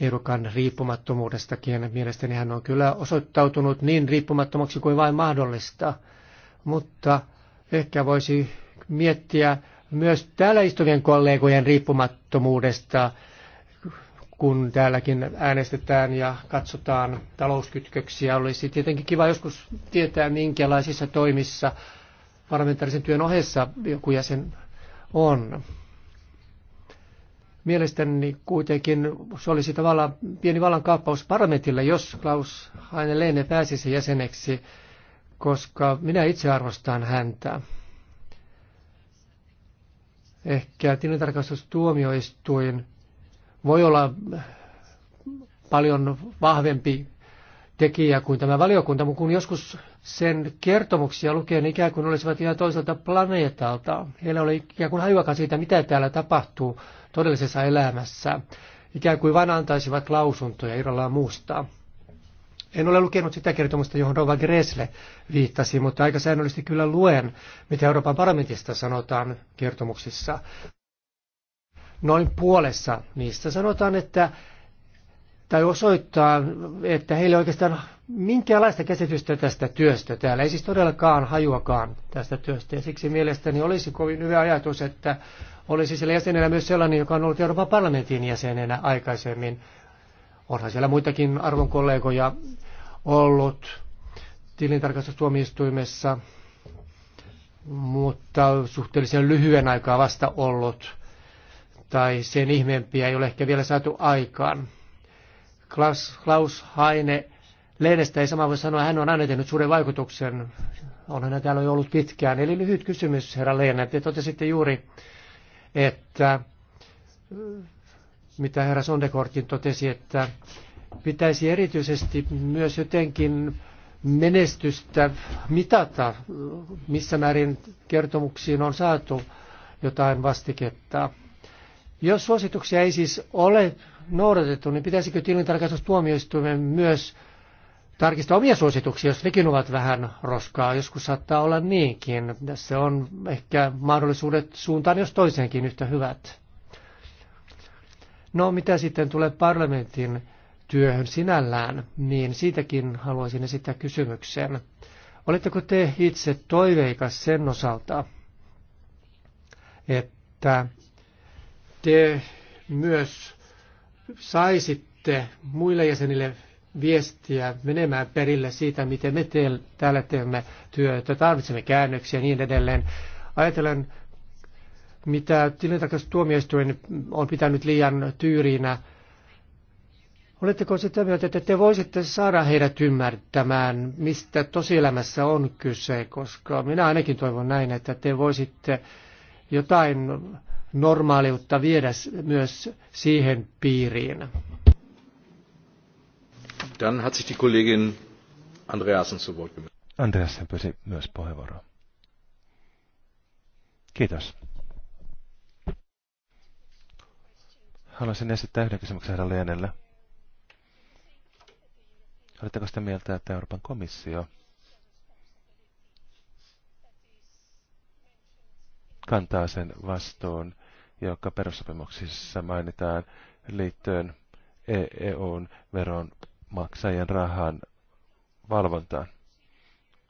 ehdokkaan riippumattomuudestakin. Mielestäni hän on kyllä osoittautunut niin riippumattomaksi kuin vain mahdollista, mutta ehkä voisi miettiä myös täällä istuvien kollegojen riippumattomuudesta, kun täälläkin äänestetään ja katsotaan talouskytköksiä. Olisi tietenkin kiva joskus tietää, minkälaisissa toimissa parlamentaarisen työn ohessa joku jäsen on. Mielestäni kuitenkin se olisi tavallaan pieni vallankaappaus parlamentille, jos Klaus Heine Leene pääsisi jäseneksi, koska minä itse arvostan häntä. Ehkä tilintarkastustuomioistuin voi olla paljon vahvempi tekijä kuin tämä valiokunta, mutta kun joskus sen kertomuksia lukee, niin ikään kuin olisivat ihan toiselta planeetalta. Heillä oli ikään kuin hajuakaan siitä, mitä täällä tapahtuu todellisessa elämässä. Ikään kuin vain antaisivat lausuntoja irrallaan muusta. En ole lukenut sitä kertomusta, johon Rova Gresle viittasi, mutta aika säännöllisesti kyllä luen, mitä Euroopan parlamentista sanotaan kertomuksissa. Noin puolessa niistä sanotaan, että tai osoittaa, että heillä oikeastaan minkäänlaista käsitystä tästä työstä täällä. Ei siis todellakaan hajuakaan tästä työstä. Ja siksi mielestäni olisi kovin hyvä ajatus, että olisi siellä jäsenenä myös sellainen, joka on ollut Euroopan parlamentin jäsenenä aikaisemmin. Onhan siellä muitakin arvon kollegoja ollut tilintarkastustuomioistuimessa, mutta suhteellisen lyhyen aikaa vasta ollut, tai sen ihmeempiä ei ole ehkä vielä saatu aikaan. Klaus, Klaus Haine Leenestä ei sama voi sanoa, hän on aina tehnyt suuren vaikutuksen. Onhan hän täällä jo ollut pitkään. Eli lyhyt kysymys, herra Leena. Te totesitte juuri, että äh, mitä herra Sondekortin totesi, että pitäisi erityisesti myös jotenkin menestystä mitata, missä määrin kertomuksiin on saatu jotain vastiketta. Jos suosituksia ei siis ole noudatettu, niin pitäisikö tilintarkastustuomioistuimen myös tarkistaa omia suosituksia, jos nekin ovat vähän roskaa. Joskus saattaa olla niinkin. Tässä on ehkä mahdollisuudet suuntaan jos toiseenkin yhtä hyvät. No mitä sitten tulee parlamentin työhön sinällään, niin siitäkin haluaisin esittää kysymyksen. Oletteko te itse toiveikas sen osalta, että te myös saisitte muille jäsenille viestiä menemään perille siitä, miten me teel, täällä teemme työtä, tarvitsemme käännöksiä ja niin edelleen. Ajatellen, mitä tilintarkastustuomioistuin on pitänyt liian tyyriinä. Oletteko sitä mieltä, että te voisitte saada heidät ymmärtämään, mistä tosielämässä on kyse, koska minä ainakin toivon näin, että te voisitte jotain normaaliutta viedä myös siihen piiriin. Dann hat sich die Kollegin Andreasen zu Wort gemeldet. Andreasen pyysi myös puheenvuoroa. Kiitos. Haluaisin esittää yhden kysymyksen herra Leenelle. Oletteko sitä mieltä, että Euroopan komissio kantaa sen vastuun, joka perussopimuksissa mainitaan liittyen e- EUn veron maksajien rahan valvontaan,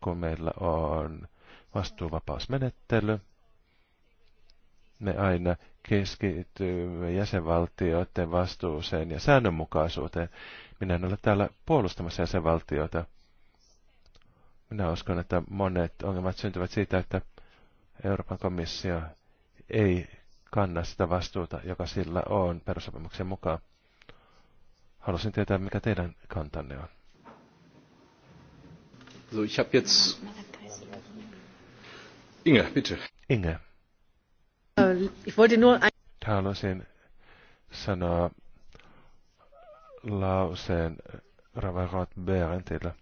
kun meillä on vastuuvapausmenettely. Me aina keskitymme jäsenvaltioiden vastuuseen ja säännönmukaisuuteen. Minä en ole täällä puolustamassa jäsenvaltiota. Minä uskon, että monet ongelmat syntyvät siitä, että Euroopan komissio ei kanna sitä vastuuta, joka sillä on perussopimuksen mukaan. Haluaisin tietää, mikä teidän kantanne on. So, ich hab jetzt... Inge, bitte. Inge. Äh, ich wollte nur ein... Haluaisin sanoa lauseen äh, Ravarot Berentille.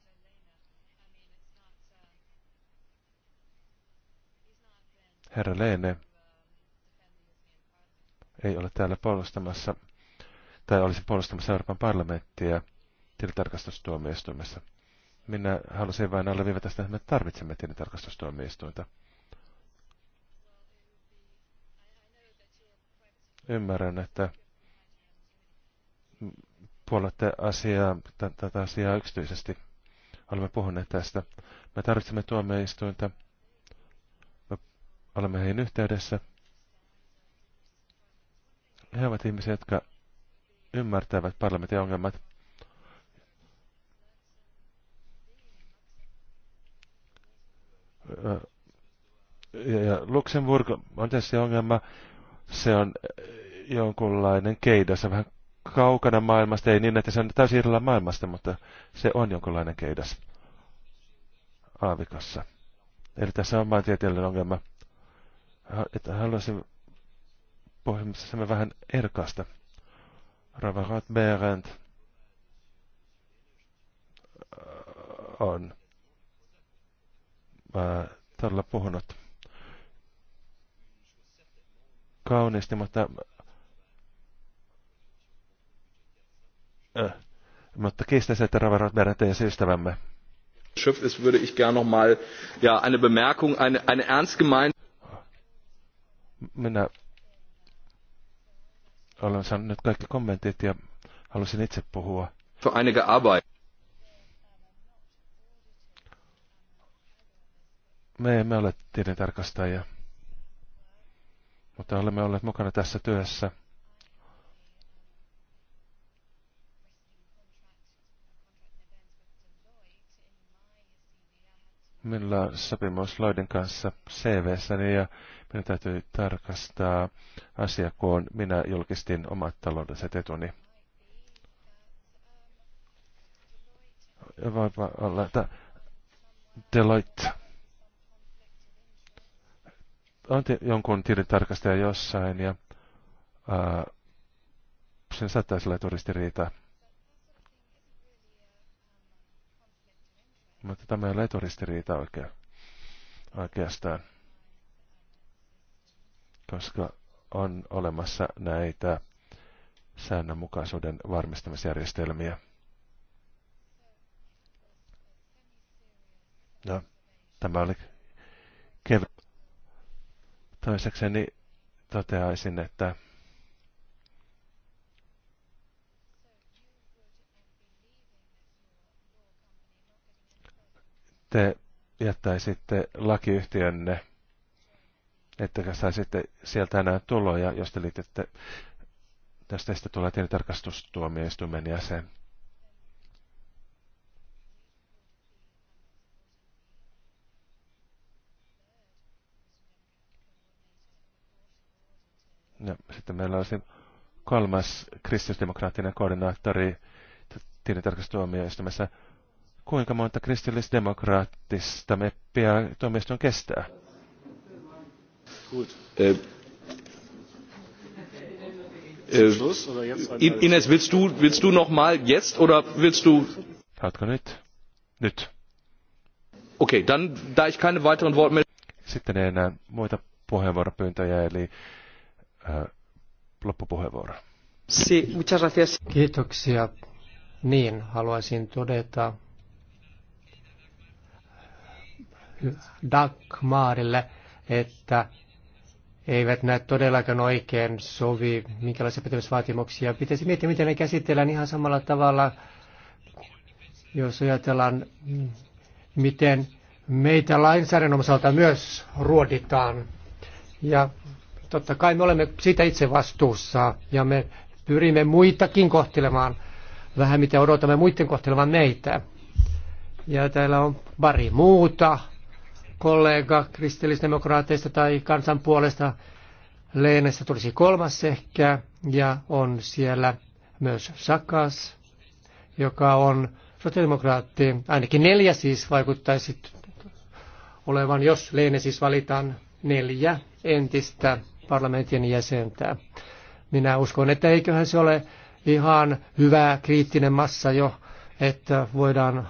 Herra Leene, ei ole täällä puolustamassa, tai olisi puolustamassa Euroopan parlamenttia tilitarkastustuomioistuimessa. Minä halusin vain alleviivata sitä, että me tarvitsemme tilitarkastustuomioistuinta. Ymmärrän, että puolette asiaa, tätä asiaa yksityisesti. Olemme puhuneet tästä. Me tarvitsemme tuomioistuinta. Me olemme heihin yhteydessä he ovat ihmisiä, jotka ymmärtävät parlamentin ongelmat. Ja, ja Luxemburg on tässä ongelma. Se on jonkunlainen keidas, vähän kaukana maailmasta, ei niin, että se on täysin irralla maailmasta, mutta se on jonkunlainen keidas aavikossa. Eli tässä on maantieteellinen ongelma. Että haluaisin pohjimmassa vähän erkaista. Ravarat Berend äh, on äh, todella puhunut kauniisti, mutta, äh, mutta kiistäisi, että Ravarat Berend ei siis ystävämme. Schrift ist, würde ich gerne nochmal ja, eine Bemerkung, eine, eine ernst gemeinte. Minä olen saanut kaikki kommentit ja halusin itse puhua. Für einige Arbeit. Me emme ole tiedetarkastajia, mutta olemme olleet mukana tässä työssä. Minulla on sopimus Lloydin kanssa cv ja minun täytyy tarkastaa asia, kun minä julkistin omat taloudelliset etuni. Voi olla, että Deloitte on jonkun tilintarkastaja jossain ja ää, sen saattaisi olla turistiriita. Mutta tämä ei ole etoristiriita oikea, oikeastaan, koska on olemassa näitä säännönmukaisuuden varmistamisjärjestelmiä. No, tämä oli kevät. Toisekseni toteaisin, että te jättäisitte lakiyhtiönne, ettekä saisitte sieltä enää tuloja, jos te liitette, jos teistä tulee tilintarkastustuomioistuimen jäsen. Ja sitten meillä olisi kolmas kristillisdemokraattinen koordinaattori tilintarkastustuomioistuimessa kuinka monta kristillisdemokraattista meppiä tuomioistuin kestää? Gut. Äh. äh Ines, willst du, willst du noch mal jetzt oder willst du... Haluatko nyt? Nyt. Okei, okay, dann, da ich keine weiteren Worte mehr... Sitten ei enää muita puheenvuoropyyntöjä, eli äh, loppupuheenvuoro. Si, muchas gracias. Kiitoksia. Niin, haluaisin todeta, Dagmarille, että eivät näe todellakaan oikein sovi, minkälaisia pätevyysvaatimuksia. Pitäisi miettiä, miten ne käsitellään ihan samalla tavalla, jos ajatellaan, miten meitä lainsäädännön osalta myös ruoditaan. Ja totta kai me olemme siitä itse vastuussa ja me pyrimme muitakin kohtelemaan vähän mitä odotamme muiden kohtelemaan meitä. Ja täällä on pari muuta kollega kristillisdemokraateista tai kansan puolesta Leenessä tulisi kolmas ehkä, ja on siellä myös Sakas, joka on sosiaalidemokraatti, ainakin neljä siis vaikuttaisi olevan, jos Leene siis valitaan neljä entistä parlamentin jäsentä. Minä uskon, että eiköhän se ole ihan hyvä kriittinen massa jo, että voidaan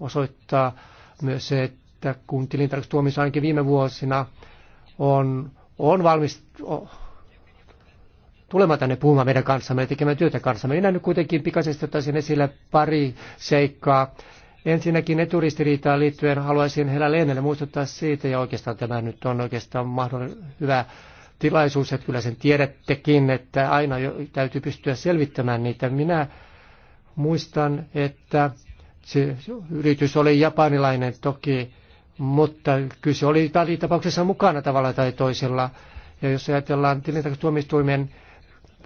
osoittaa myös se, että että kun tilintarkastustuomissa ainakin viime vuosina on, on valmis on, tulemaan tänne puhumaan meidän kanssamme ja tekemään työtä kanssamme. Minä nyt kuitenkin pikaisesti ottaisin esille pari seikkaa. Ensinnäkin eturistiriitaan liittyen haluaisin Hela Leenelle muistuttaa siitä, ja oikeastaan tämä nyt on oikeastaan mahdollinen hyvä tilaisuus, että kyllä sen tiedättekin, että aina täytyy pystyä selvittämään niitä. Minä muistan, että se yritys oli japanilainen toki, mutta se oli tapauksessa mukana tavalla tai toisella. Ja jos ajatellaan tilintarkastustuomioistuimen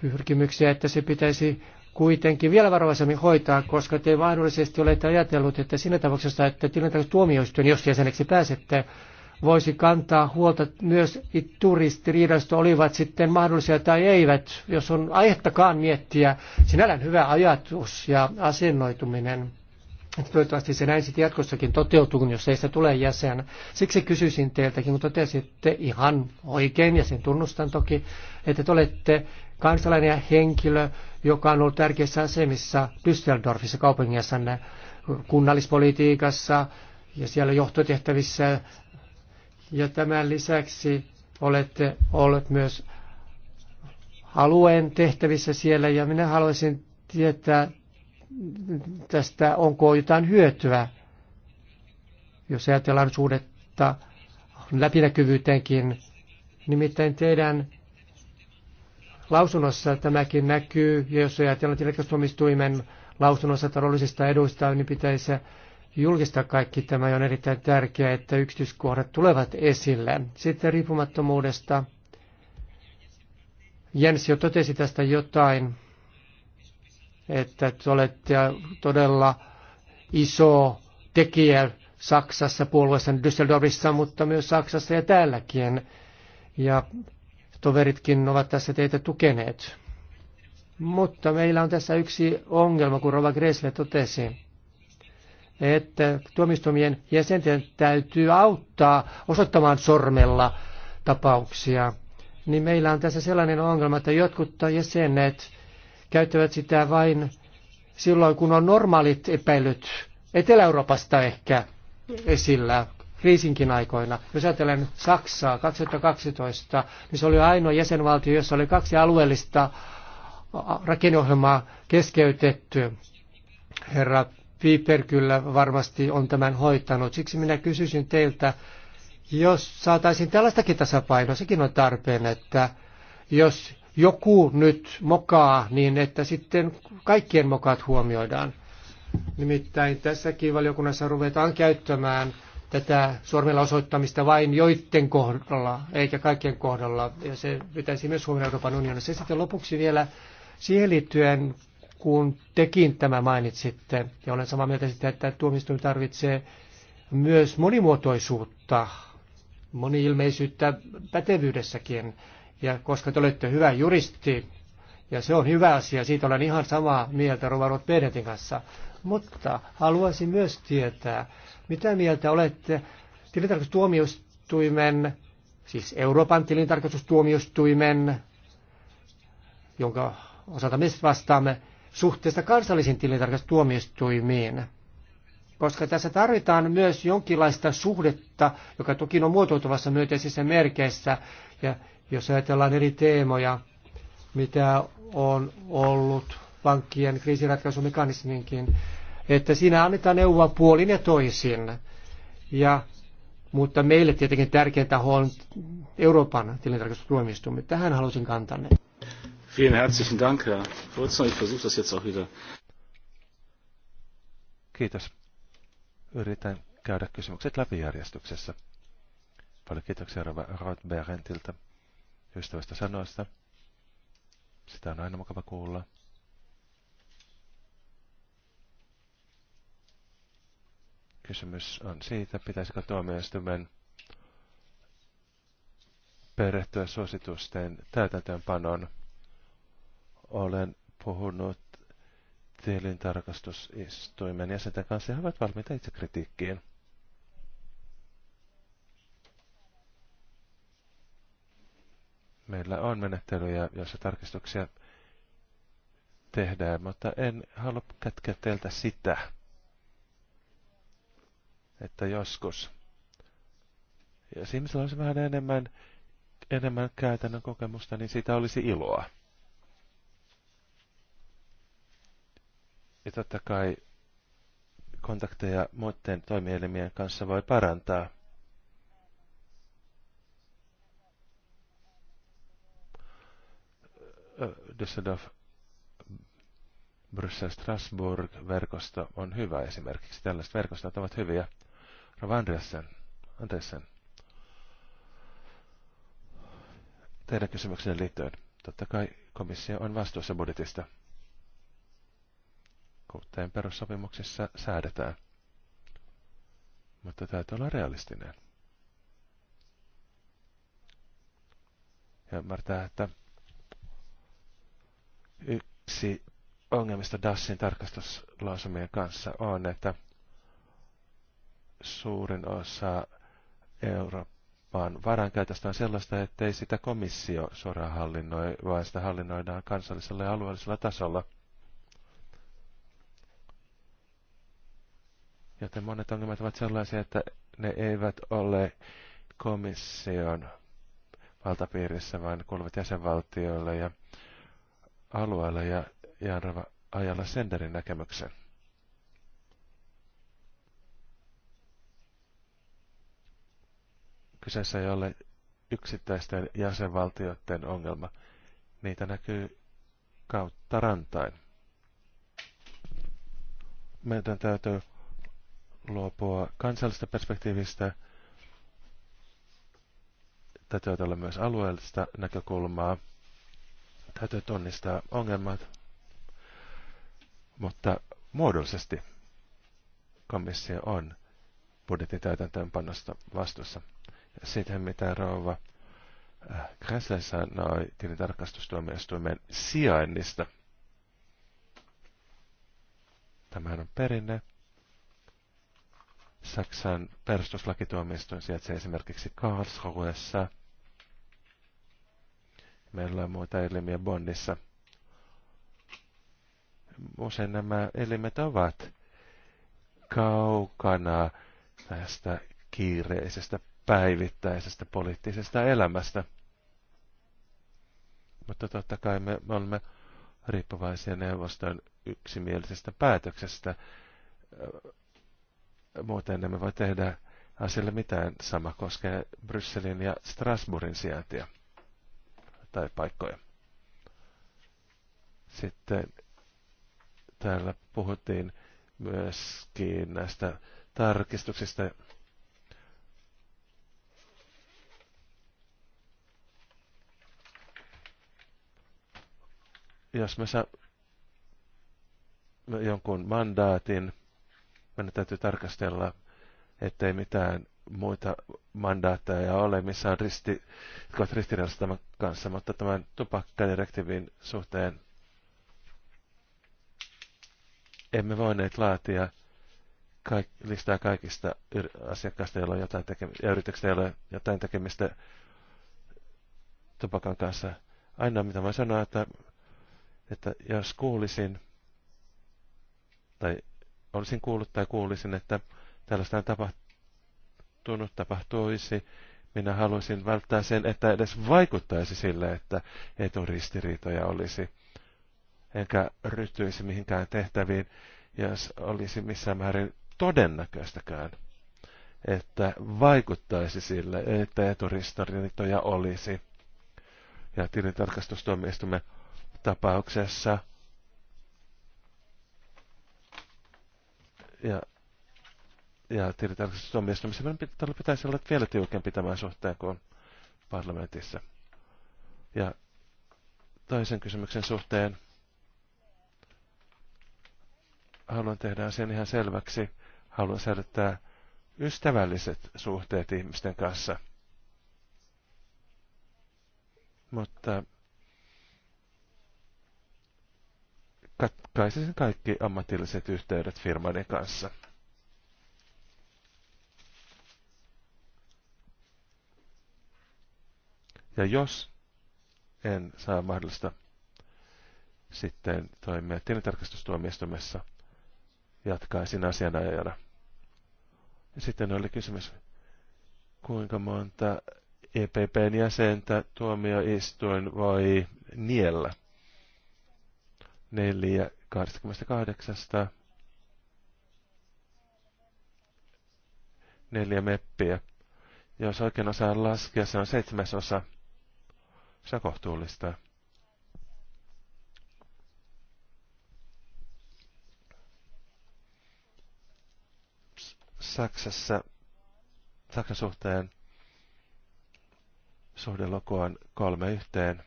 pyrkimyksiä, että se pitäisi kuitenkin vielä varovaisemmin hoitaa, koska te mahdollisesti olette ajatellut, että siinä tapauksessa, että tilintarkastustuomioistuin, jos jäseneksi pääsette, voisi kantaa huolta myös turistiriidasta, olivat sitten mahdollisia tai eivät, jos on aihettakaan miettiä. Sinällään hyvä ajatus ja asennoituminen. Että toivottavasti se näin sitten jatkossakin toteutuu, jos ei tulee tule jäsen. Siksi kysyisin teiltäkin, kun totesitte ihan oikein, ja sen tunnustan toki, että te olette kansalainen ja henkilö, joka on ollut tärkeissä asemissa Düsseldorfissa kaupungissa kunnallispolitiikassa ja siellä johtotehtävissä. Ja tämän lisäksi olette olleet myös alueen tehtävissä siellä, ja minä haluaisin tietää tästä onko jotain hyötyä, jos ajatellaan suhdetta läpinäkyvyyteenkin. Nimittäin teidän lausunnossa tämäkin näkyy, ja jos ajatellaan tilastuomistuimen lausunnossa taloudellisista eduista, niin pitäisi julkistaa kaikki tämä, on erittäin tärkeää, että yksityiskohdat tulevat esille. Sitten riippumattomuudesta. Jens jo totesi tästä jotain että te olette todella iso tekijä Saksassa puolueessa Düsseldorfissa, mutta myös Saksassa ja täälläkin. Ja toveritkin ovat tässä teitä tukeneet. Mutta meillä on tässä yksi ongelma, kun Rova Gressle totesi, että tuomistomien jäsenten täytyy auttaa osoittamaan sormella tapauksia. Niin meillä on tässä sellainen ongelma, että jotkut jäsenet käyttävät sitä vain silloin, kun on normaalit epäilyt Etelä-Euroopasta ehkä esillä kriisinkin aikoina. Jos ajatellaan Saksaa 2012, niin se oli ainoa jäsenvaltio, jossa oli kaksi alueellista rakenneohjelmaa keskeytetty. Herra Piper kyllä varmasti on tämän hoitanut. Siksi minä kysyisin teiltä, jos saataisiin tällaistakin tasapainoa, sekin on tarpeen, että jos joku nyt mokaa niin, että sitten kaikkien mokat huomioidaan. Nimittäin tässäkin valiokunnassa ruvetaan käyttämään tätä sormella osoittamista vain joiden kohdalla, eikä kaikkien kohdalla. Ja se pitäisi myös huomioida Euroopan unionissa. Sitten lopuksi vielä siihen liittyen, kun tekin tämä mainitsitte, ja olen samaa mieltä sitä, että tuomioistuin tarvitsee myös monimuotoisuutta, moniilmeisyyttä pätevyydessäkin. Ja koska te olette hyvä juristi, ja se on hyvä asia, siitä olen ihan samaa mieltä Rovarot Benetin kanssa. Mutta haluaisin myös tietää, mitä mieltä olette tilintarkastustuomioistuimen, siis Euroopan tilintarkastustuomioistuimen, jonka osalta me vastaamme, suhteesta kansallisiin tilintarkastustuomioistuimiin. Koska tässä tarvitaan myös jonkinlaista suhdetta, joka toki on muotoutuvassa myönteisissä merkeissä, ja jos ajatellaan eri teemoja, mitä on ollut pankkien kriisiratkaisumekanisminkin, että siinä annetaan neuvoa puolin ja toisin. Ja, mutta meille tietenkin tärkeintä on Euroopan tilintarkastustuomioistuimme. Tähän halusin kantanne. Vielen herzlichen Dank, Herr Ich versuche das jetzt auch wieder. Kiitos. Yritän käydä kysymykset läpi järjestyksessä. Paljon kiitoksia Robert Berentiltä ystävästä sanoista. Sitä on aina mukava kuulla. Kysymys on siitä, pitäisikö tuomioistuimen perehtyä suositusten täytäntöönpanon. Olen puhunut tilintarkastusistuimen jäsenten kanssa ja he ovat valmiita kritiikkiin. Meillä on menettelyjä, joissa tarkistuksia tehdään, mutta en halua kätkeä teiltä sitä, että joskus. Jos ihmisellä olisi vähän enemmän, enemmän käytännön kokemusta, niin siitä olisi iloa. Ja totta kai kontakteja muiden toimielimien kanssa voi parantaa. Eh, Düsseldorf Bryssel Strasbourg verkosto on hyvä esimerkiksi. Tällaiset verkostot ovat hyviä. Rav Andreasen, Andreasen. Teidän kysymyksenne liittyen. Totta kai komissio on vastuussa budjetista. Kuten perussopimuksissa säädetään. Mutta täytyy olla realistinen. Ja ymmärtää, että Yksi ongelmista Dassin tarkastuslausumien kanssa on, että suurin osa Euroopan varankäytöstä on sellaista, ettei sitä komissio suoraan hallinnoi, vaan sitä hallinnoidaan kansallisella ja alueellisella tasolla. Joten monet ongelmat ovat sellaisia, että ne eivät ole komission valtapiirissä, vaan kuuluvat jäsenvaltioille ja alueella ja Jaarava ajalla Senderin näkemyksen. Kyseessä ei ole yksittäisten jäsenvaltioiden ongelma. Niitä näkyy kautta rantain. Meidän täytyy luopua kansallista perspektiivistä. Täytyy olla myös alueellista näkökulmaa. Täytyy tunnistaa ongelmat, mutta muodollisesti komissio on budjetin täytäntöönpanosta vastuussa. Ja sitten mitä rouva äh, Kressle sanoi tilintarkastustuomioistuimen sijainnista. Tämähän on perinne. Saksan perustuslakituomioistuin sijaitsee esimerkiksi Karlsruessa. Meillä on muita elimiä Bondissa. Usein nämä elimet ovat kaukana tästä kiireisestä päivittäisestä poliittisesta elämästä. Mutta totta kai me, me olemme riippuvaisia neuvoston yksimielisestä päätöksestä. Muuten emme voi tehdä asialle mitään. Sama koskee Brysselin ja Strasbourgin sijaintia tai paikkoja. Sitten täällä puhuttiin myöskin näistä tarkistuksista. Jos me saa jonkun mandaatin, meidän täytyy tarkastella, ettei mitään muita mandaatteja ole, missä on risti, jotka ovat ristiriidassa tämän kanssa, mutta tämän tupakkadirektiivin suhteen emme voineet laatia kaik, listaa kaikista asiakkaista, joilla on jotain tekemistä, ja yrityksistä, joilla on jotain tekemistä tupakan kanssa. Ainoa mitä voin sanoa, että, että jos kuulisin, tai olisin kuullut tai kuulisin, että tällaista on tapahtunut, tapahtunut, tapahtuisi. Minä haluaisin välttää sen, että edes vaikuttaisi sille, että eturistiriitoja olisi. Enkä ryhtyisi mihinkään tehtäviin, jos olisi missään määrin todennäköistäkään, että vaikuttaisi sille, että eturistiriitoja olisi. Ja tilintarkastustuomioistumme tapauksessa ja ja tilitarkastustuomioistuimessa meidän pitäisi olla vielä tiukempi tämän suhteen kuin parlamentissa. Ja toisen kysymyksen suhteen haluan tehdä asian ihan selväksi. Haluan säilyttää ystävälliset suhteet ihmisten kanssa. Mutta katkaisisin kaikki ammatilliset yhteydet firmani kanssa. Ja jos en saa mahdollista sitten toimia tilintarkastustuomioistuimessa, jatkaisin asianajajana. Ja sitten oli kysymys, kuinka monta EPPn jäsentä tuomioistuin voi niellä. 4 28 neljä meppiä. Jos oikein osaa laskea, se on seitsemäs osa se on kohtuullista. Saksassa, Saksan suhteen suhdeluku on kolme yhteen.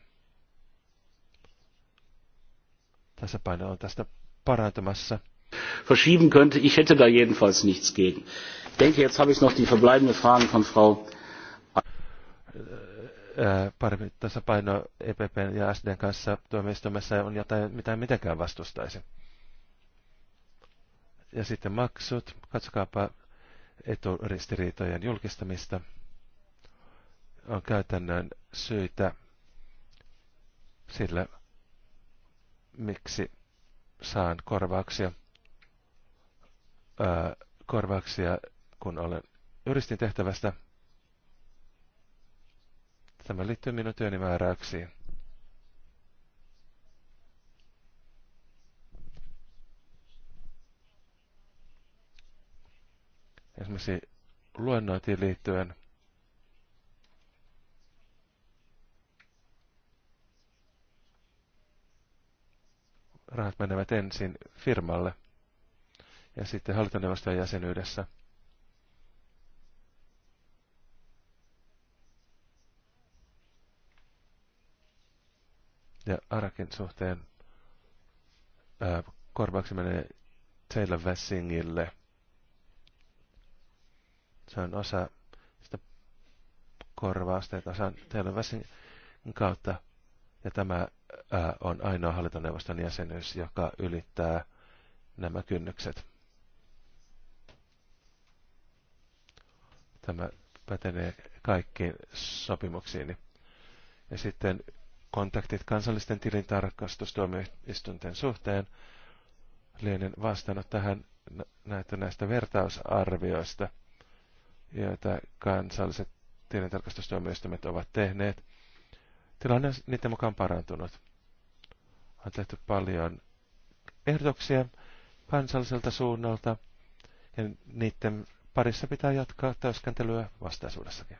Tässä paino on tästä parantumassa. Verschieben könnte, ich hätte da jedenfalls nichts gegen. Ich denke, jetzt habe ich noch die verbleibenden Fragen von Frau Äh, pari tässä paino EPP ja SDn kanssa tuomioistuimessa on jotain, mitä mitenkään vastustaisi. Ja sitten maksut. Katsokaapa eturistiriitojen julkistamista. On käytännön syitä sillä, miksi saan korvauksia, ää, äh, korvauksia kun olen juristin tehtävästä – Tämä liittyy minun työni määräyksiin. Esimerkiksi luennointiin liittyen rahat menevät ensin firmalle ja sitten hallintoneuvoston jäsenyydessä – Ja Arakin suhteen ää, korvauksi menee Taylor vessingille, Se on osa sitä korvausta, joka saa Taylor vessingin kautta. Ja tämä ää, on ainoa hallintoneuvoston jäsenyys, joka ylittää nämä kynnykset. Tämä pätenee kaikkiin sopimuksiin. Ja sitten kontaktit kansallisten tilintarkastustuomioistuinten suhteen. Lienen vastannut tähän näitä näistä vertausarvioista, joita kansalliset tilintarkastustuomioistuimet ovat tehneet. Tilanne on niiden mukaan parantunut. On tehty paljon ehdotuksia kansalliselta suunnalta, ja niiden parissa pitää jatkaa työskentelyä vastaisuudessakin.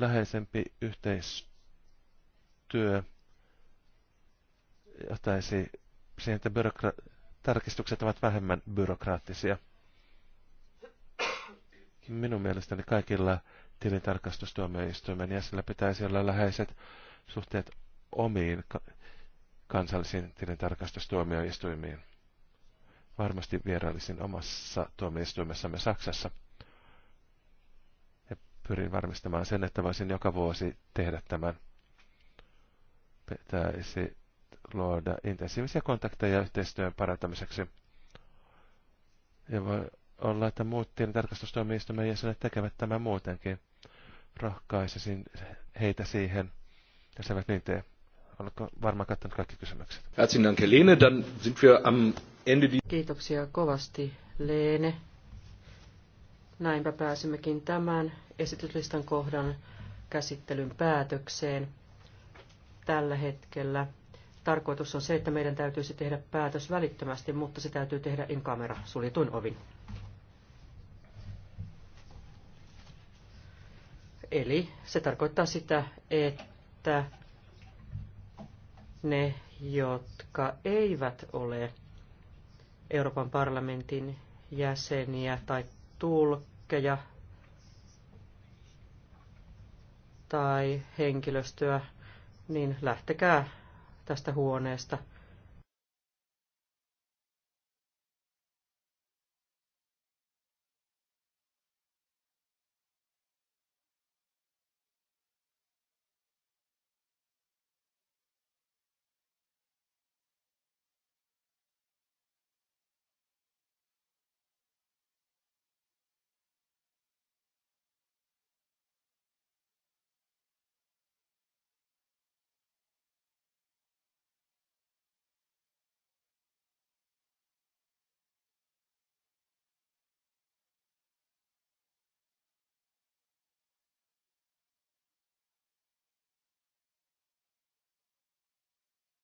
läheisempi yhteistyö johtaisi siihen, että byrokra- tarkistukset ovat vähemmän byrokraattisia. Minun mielestäni kaikilla tilintarkastustuomioistuimen jäsenillä pitäisi olla läheiset suhteet omiin kansallisiin tilintarkastustuomioistuimiin. Varmasti vierailisin omassa tuomioistuimessamme Saksassa pyrin varmistamaan sen, että voisin joka vuosi tehdä tämän. Pitäisi luoda intensiivisiä kontakteja yhteistyön parantamiseksi. Ja voi olla, että muut tilintarkastustoimistumme jäsenet tekevät tämän muutenkin. Rohkaisisin heitä siihen, jos eivät niin tee. Oletko varmaan kattanut kaikki kysymykset? Kiitoksia kovasti, Leene. Näinpä pääsemmekin tämän esityslistan kohdan käsittelyn päätökseen tällä hetkellä. Tarkoitus on se, että meidän täytyisi tehdä päätös välittömästi, mutta se täytyy tehdä in kamera suljetuin ovin. Eli se tarkoittaa sitä, että ne, jotka eivät ole Euroopan parlamentin jäseniä tai tulkkeja tai henkilöstöä, niin lähtekää tästä huoneesta –